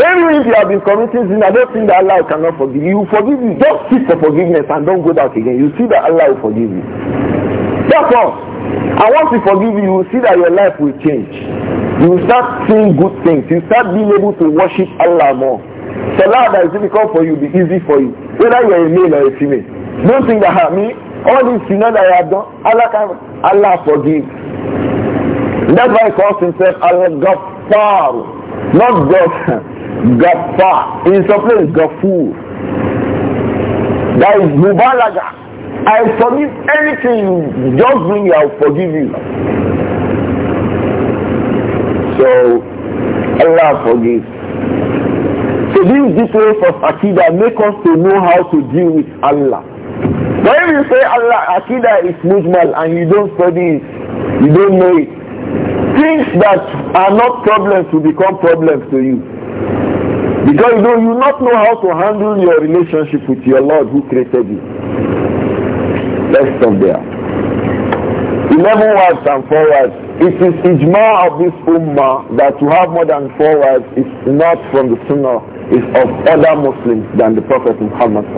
Even if you have been committing sin, I don't think that Allah cannot forgive you. He will forgive you. Just seek for forgiveness and don't go back again. You see that Allah will forgive you. That's all. And once He forgive you, you will see that your life will change. You will start seeing good things. You start being able to worship Allah more. Salah that is difficult for you will be easy for you, whether you are a male or a female. Don't think that me, all these you know that I have done, Allah can, Allah forgive. That's why he calls himself God ghaffar not God. Ghaffar. In some place, Ghaffur. That is Mubalaga. I forgive anything just bring I'll forgive you. So, Allah forgives. So these details of Akida make us to know how to deal with Allah. But if you say Allah, Akida is Mujmal and you don't study it, you don't know it, things that are not problems will become problems to you. Because you, know, you not know how to handle your relationship with your Lord who created you. Let's stop there. 11 wives and 4 wives. It is ijma of this ummah that to have more than 4 wives is not from the sunnah, it's of other Muslims than the Prophet Muhammad.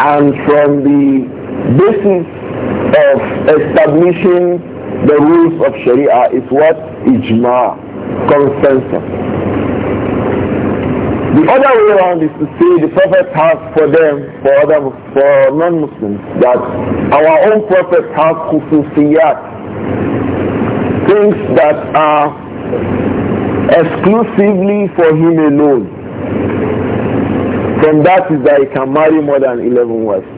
And from the basis of establishing the rules of Sharia is what? Ijma, consensus. The other way around is to say the prophet has for them, for other, for non-Muslims, that our own prophet has kufusiyat, things that are exclusively for him alone. From that is that he can marry more than 11 wives.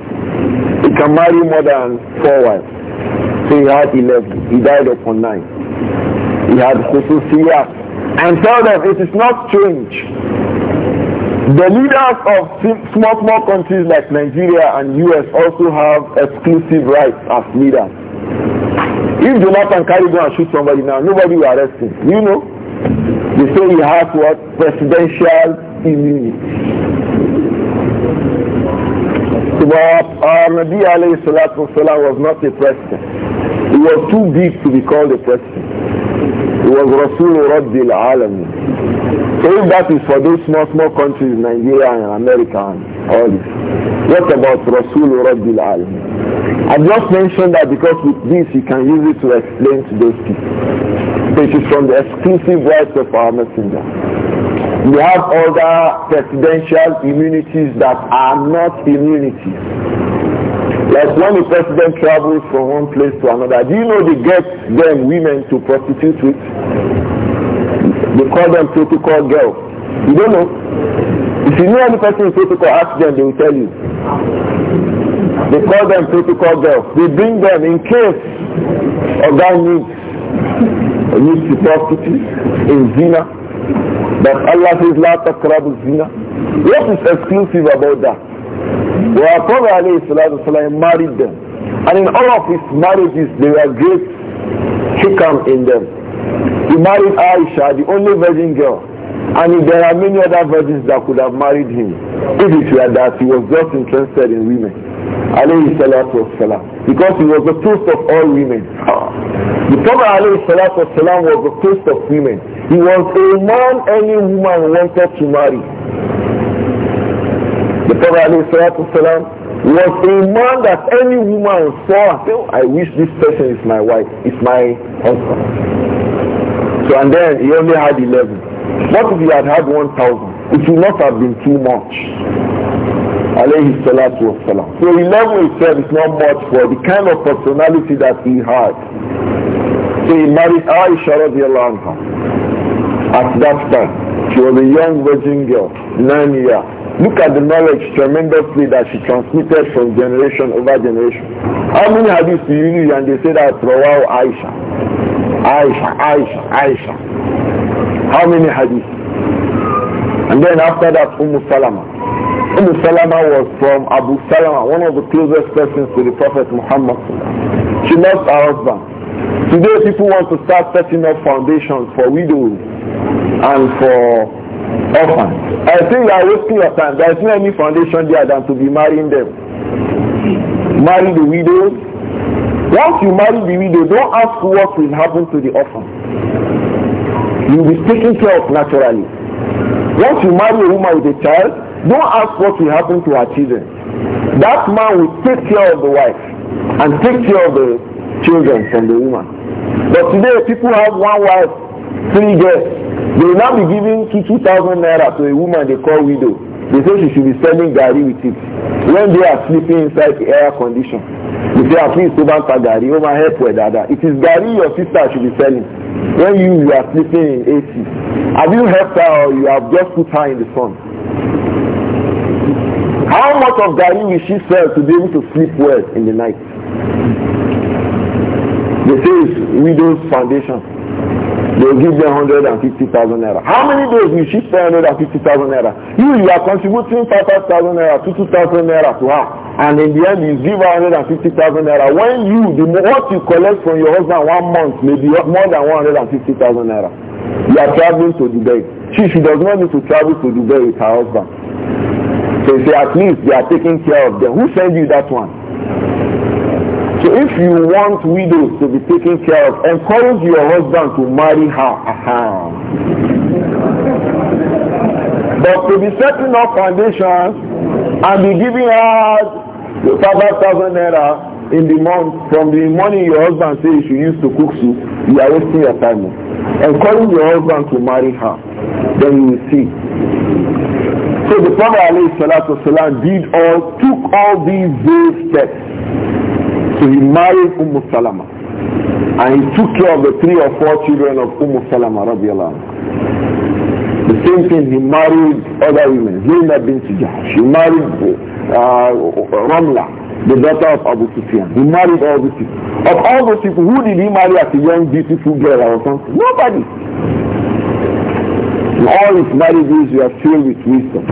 He can marry more than 4 wives. So he had 11. He died upon 9. He had kufusiyat. And tell them it is not strange the leaders of small, small countries like Nigeria and US also have exclusive rights as leaders. If Jonathan carry go and shoot somebody now, nobody will arrest him. You know? They say he has what? Presidential immunity. So our uh, Nabi alayhi salatu was not a president. He was too big to be called a president. He was Rasul Rabbil Alam. So if that is for those small, small countries, Nigeria and America and all this, what about Rasul Rabbil Alam? I just mentioned that because with this you can use it to explain to those people. This is from the exclusive rights of our messenger. We have other presidential immunities that are not immunities. Like when the president travels from one place to another, do you know they get them women to prostitute with? They call them protocol girls. You don't know. If you know any person in protocol, ask them, they will tell you. They call them protocol girls. They bring them in case a guy needs, needs to prostitute in Zina. But Allah says, La taqrabu zina. What is exclusive about that? The Prophet ﷺ married them. And in all of his marriages, there were great hikam in them. He married Aisha, the only virgin girl. And there are many other virgins that could have married him if it were that he was just interested in women. Alayhi salatu wasalam. Because he was the toast of all women. The Prophet alayhi salatu wasalam was the toast of women. He was a man any woman wanted to marry. The Prophet والسلام, was a man that any woman saw and oh, I wish this person is my wife, is my husband. So and then he only had 11. What if he had had 1,000? It would not have been too much. Alayhi salatu wasalam. So 11 itself is not much for the kind of personality that he had. So he married Aisha radiallahu anha. At that time, she was a young virgin girl, nine years. Look at the knowledge tremendously that she transmitted from generation over generation. How many hadiths do you read and they say that throughout Aisha? Aisha, Aisha, Aisha. How many hadiths? And then after that, Umm Salama. Umm Salama was from Abu Salama, one of the closest persons to the Prophet Muhammad. She lost her husband. Today people want to start setting up foundations for widows and for Orphan. I think you are wasting your time. There is no any foundation there than to be marrying them. Marry the widow. Once you marry the widow, don't ask what will happen to the orphan. You will be taken care of naturally. Once you marry a woman with a child, don't ask what will happen to her children. That man will take care of the wife and take care of the children from the woman. But today people have one wife three girls. They will now be giving 2,000 naira to a woman they call widow. They say she should be selling gari with it. When they are sleeping inside the air condition, they say, please go back for over oh help with that. It is gari your sister should be selling. When you, you are sleeping in AC. Have you helped her or you have just put her in the sun? How much of gari will she sell to be able to sleep well in the night? They say it's widow's foundation. They will give them 150,000 naira. How many days will she pay 150,000 naira? You, you are contributing 5,000 naira to 2,000 naira to her. And in the end, you give her 150,000 naira. When you, the, what you collect from your husband one month may be more than 150,000 naira. You are traveling to Dubai. She, she does not need to travel to Dubai with her husband. So you say, at least they are taking care of them. Who sent you that one? So if you want widows to be taken care of, encourage your husband to marry her. but to be setting up foundations and be giving her 5,000 naira in the month from the money your husband says you should use to cook soup you are wasting your time encourage your husband to marry her then you will see so the prophet alayhi did all took all these steps so he married Umm Salama. And he took care of the three or four children of Umm Salama radiallahu The same thing, he married other women. Zainab bint Jahsh. He married uh, Ramla, the daughter of Abu Sufyan. He married all these people. Of all those people, who did he marry as a young, beautiful girl or something? Nobody. In all his marriages, were are filled with wisdom.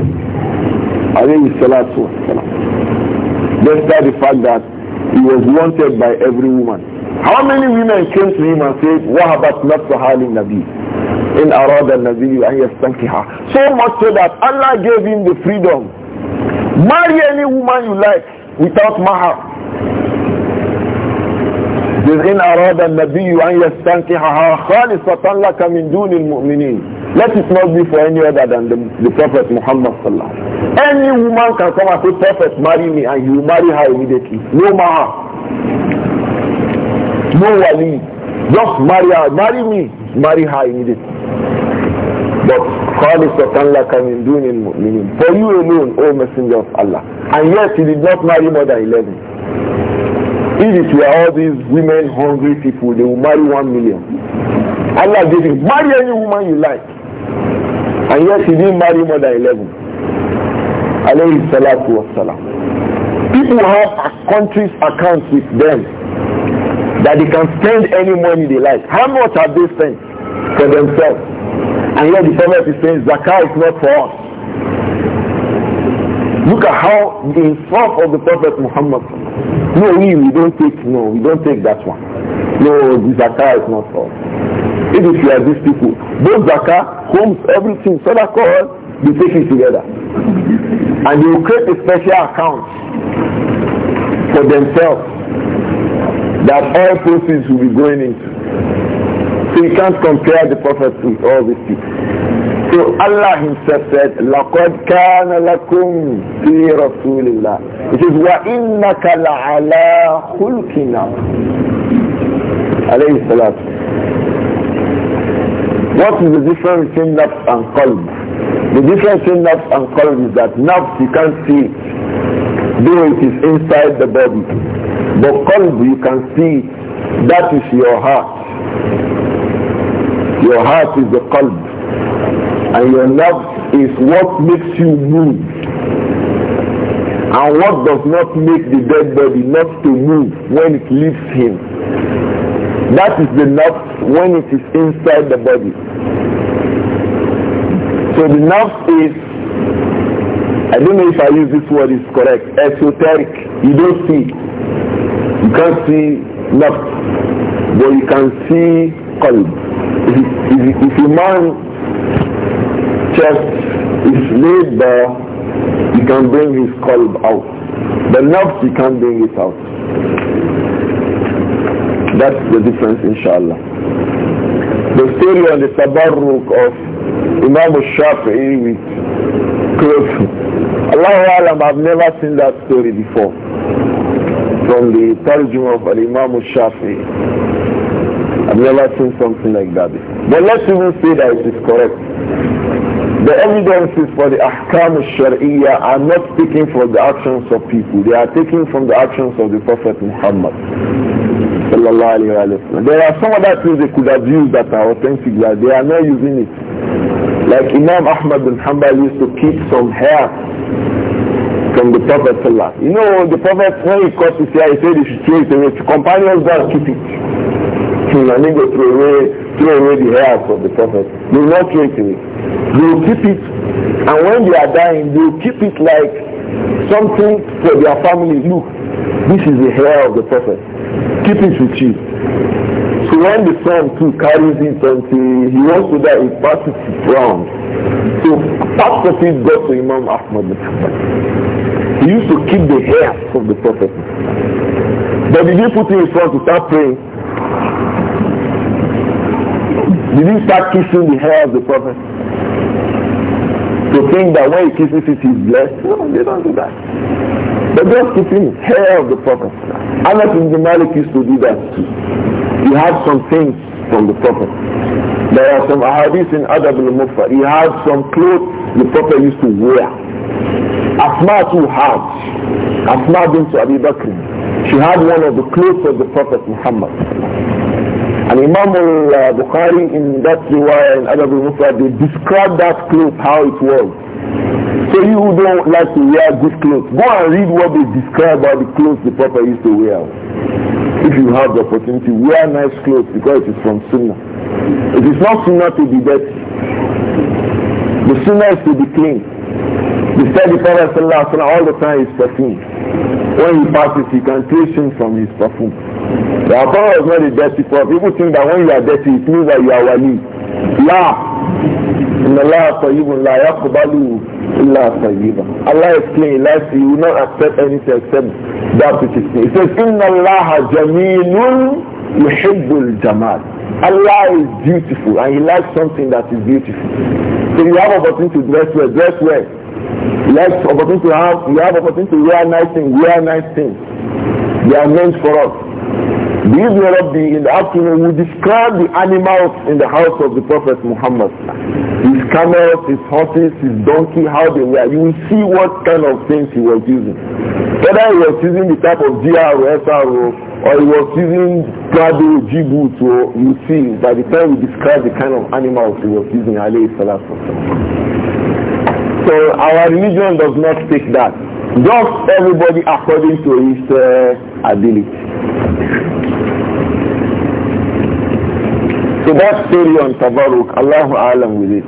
I think it's Alayhi Let's start the fact that he was wanted by every woman. How many women came to him and said, وَهَبَتْ نَفْسَهَا Nabi? إِنْ أَرَادَ النَّبِيُّ أَنْ يَسْتَنْكِحَا So much so that Allah gave him the freedom. Marry any woman you like without mahar. إن أراد النبي أن يستنكحها خالصة لك من دون المؤمنين let it not be for any other than the, the Prophet Muhammad sallallahu Any woman can come and say, Prophet, marry me, and you marry her immediately. No maha. No wali. Just marry her. Marry me. Marry her immediately. But khalisatan laka min dunin mu'minin. For you alone, O Messenger of Allah. And yet he did not marry more than 11. If it were all these women hungry people, they will marry one million. Allah gave him, marry any woman you like. And yet he didn't marry more than 11. Alayhi salatu wassalam. People have a country's accounts with them that they can spend any money they like. How much have they spent for themselves? And yet the prophet is saying, Zakah is not for us. Look at how the insult of the Prophet Muhammad. No, we, we don't take, no, we don't take that one. No, this zakah is not for If you are these people, both zakah, homes, everything, solar call, you take it together. And you create a special account for themselves that all proceeds will be going into. So you can't compare the prophet with all these people. So Allah himself said, لَقَدْ كَانَ لَكُمْ فِي رَسُولِ اللَّهِ It is وَإِنَّكَ لَعَلَى خُلْقِنَا alayhi salatu. What is the difference between nafs and qalb? The difference between nafs and qalb is that nafs you can't see though it is inside the body. But qalb you can see That is your heart. Your heart is the qalb. And your nafs is what makes you move. And what does not make the dead body not to move when it leaves him. That is the nafs when it is inside the body. So the nafs is, I don't know if I use this word is correct, esoteric. You don't see. You can't see nafs, but you can see qalb. If, if, if a man chest is laid bare, you can bring his qalb out. The nafs, you can't bring it out. That's the difference, inshallah. The story on the tabarruk of Imam Shafi'i with clothes. Allahu Alam, I've never seen that story before. From the Tarjum of Imam Shafi'i. I've never seen something like that. But let's even say that it is correct. The evidences for the ahkam sharia are not taken from the actions of people. They are taken from the actions of the Prophet Muhammad sallallahu alayhi wa There are some other things they could have used that are authentic but they are not using it. Like Imam Ahmad bin Hanbal used to keep some hair from the Prophet sallallahu You know, the Prophet, when he cut his hair, he said he should throw it away. The companions don't keep it. And then throw away, throw away the hair of the Prophet. They will not throw it away. They will keep it. And when they are dying, they will keep it like something for their family. Look, this is the hair of the Prophet. Keep it with you. So when the son too carries it and he wants to die, he passes it round. So part of it got to Imam Ahmad. He used to keep the hair of the prophet. But did he put it in front to start praying? Did he start kissing the hair of the prophet? To think that when he kisses it, he's blessed? No, they don't do that. But just keeping hair of the Prophet. Anas ibn Malik used to do that too. He had some things from the Prophet. There are some ahadith in Adab al-Mufra. He had some clothes the Prophet used to wear. Asma too had. Asma bin Abi Bakr. She had one of the clothes of the Prophet Muhammad. And Imam al-Bukhari in that riwayah in Adab al-Mufra, they described that cloth, how it was. So you who don't like to wear good clothes, go and read what they describe about the clothes the Prophet used to wear. If you have the opportunity, wear nice clothes because it is from Sunnah. It is not Sunnah to be dirty. The Sunnah is to be clean. The study Prophet all the time is perfume. When he passes, he can taste him from his perfume. The Prophet was not a dirty prophet. People think that when you are dirty, it means that you are wali. La. In Allah Tayyibun La Yaqbalu Illa Tayyiba. Allah explained last He will not accept anything except that which is clean. It says, Inna Allah Jamilun Yuhibbul Jamal. Allah is beautiful and He likes something that is beautiful. So you have opportunity to dress well, dress well. You have opportunity to have, you have opportunity to wear nice things, wear nice things. They are meant for us. These Rabbi in the afternoon We describe the animals in the house of the Prophet Muhammad. His camels, his horses, his donkey, how they were. You will see what kind of things he was using. Whether he was using the type of GR or SRO or he was using Gado Jibu so you see by the time we describe the kind of animals he was using, alayhi salatu So our religion does not take that. Just everybody according to his uh, ability. So that story on Tabaruk, Allahu Alam with it.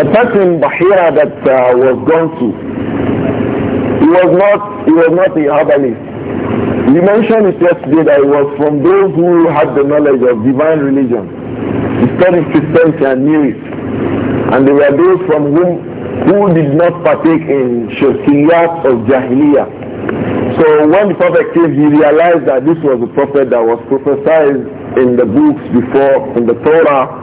The person Bahira that uh, was gone to, he was not he was not a herbalist. You mentioned it yesterday that he was from those who had the knowledge of divine religion. He studied Christianity and knew it. And they were those from whom who did not partake in shirkiyat of jahiliyyah. So when the prophet came, he realized that this was the prophet that was prophesied in the books before, in the Torah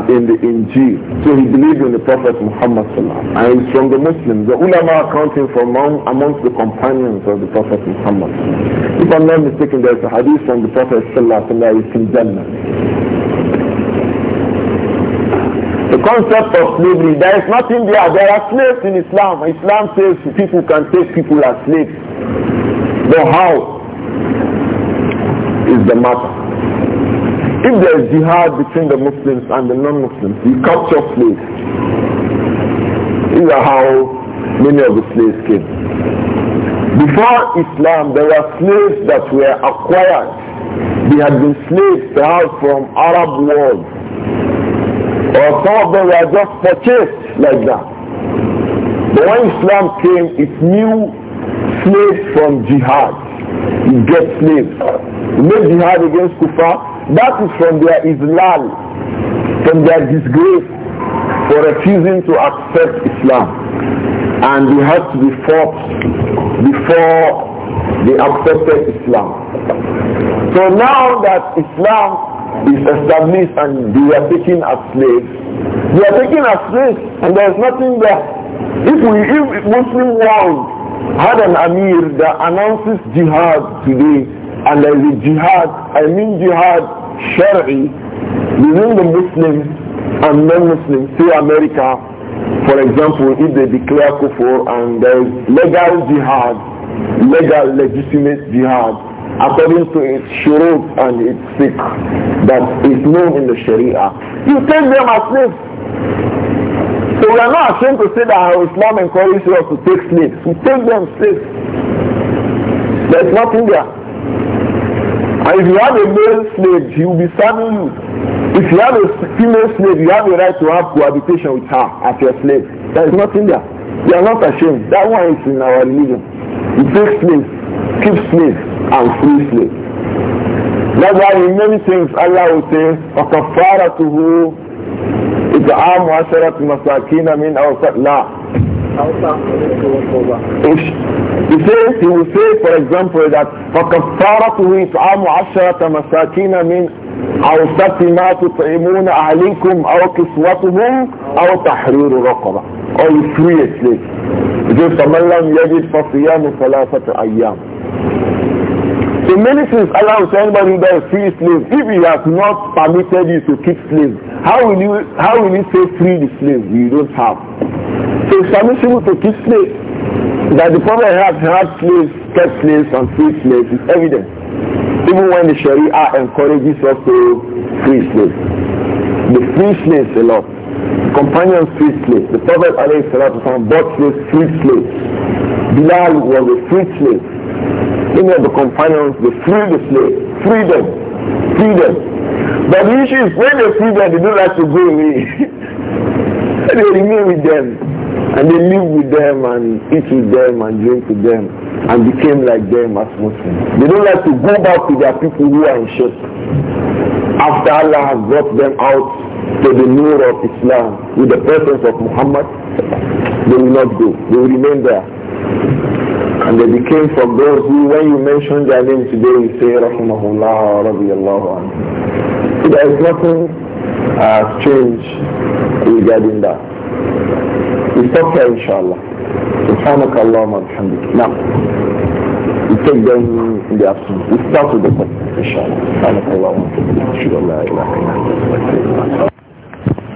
and in the Injil. So he believed in the prophet Muhammad and he's from the Muslims. The ulama are counting from among, amongst the companions of the prophet Muhammad. If I'm not mistaken, there's a hadith from the prophet sallallahu alaihi wasallam the concept of slavery, there is nothing there. There are slaves in Islam. Islam says people can take people as slaves. The how is the matter. If there is jihad between the Muslims and the non-Muslims, you capture slaves. These are how many of the slaves came. Before Islam, there were slaves that were acquired. They had been slaves perhaps from Arab world. Or some of them were just purchased like that. But when Islam came, it knew slaves from jihad. You get slaves. You make jihad against kuffar. That is from their Islam, from their disgrace for refusing to accept Islam. And they had to be fought before they accepted Islam. So now that Islam is established and they are taken as slaves, they are taken as slaves and there is nothing there. If we, if Muslim world had an Amir that announces jihad today and there is a jihad, I mean jihad Shari within the Muslims and non-Muslims, say America, for example, if they declare kufur and there is legal jihad, legal legitimate jihad, according to its shurut and its fiqh that is known in the Sharia, you take them as slaves. So we are not ashamed to say that our Islam encourages us to take slaves. We take them slaves. There's nothing there. And if you have a male slave, he will be serving you. If you have a female slave, you have the right to have cohabitation with her as your slave. There is nothing there. We are not ashamed. That one is in our religion. We take slaves, keep slaves, and free slaves. That's why in many things Allah will say, إطعام عشرة مساكين من أوسط لا If من says, he for example, that فَكَفَّارَتُهُ إِطْعَامُ عَشَّرَةَ مَسَاكِينَ مِنْ أَوْسَطِ مَا تُطْعِمُونَ أَهْلِكُمْ أَوْ كِسْوَتُهُمْ أَوْ تَحْرِيرُ رَقَبَةٍ او you free slave. فَمَنْ لَمْ يَجِدْ فَصِيَامُ ثَلَاثَةَ أَيَّامٍ The many things, Allah will tell anybody that is free slave, if he has not permitted you to keep slaves, how will you how will you say free the slave you don't have? So it's permissible to keep slaves. That the Prophet has had slaves, kept slaves and free slaves is evident. Even when the Sharia encourages us to free slaves. The free slaves a lot. companions free slaves. The Prophet bought slaves, free slaves. Bilal was a free slave. Many of the companions, they free the slave. Freedom. Freedom. But the issue is when they free them, they don't like to go away. they remain with them. And they live with them and eat with them and drink with them and became like them as Muslims. They don't like to go back to their people who are in shirk. After Allah has brought them out to the mirror of Islam with the presence of Muhammad, they will not go. They will remain there. And they became from those who, when you mention their name today, you say, Rahimahullah, Rabiyallahu anhu. So there is nothing uh, strange regarding that. We stop here, inshallah. سبحانك اللهم وبحمدك نعم we take them in the afternoon we start with the question inshallah سبحانك اللهم وبحمدك اشهد لا اله الا انت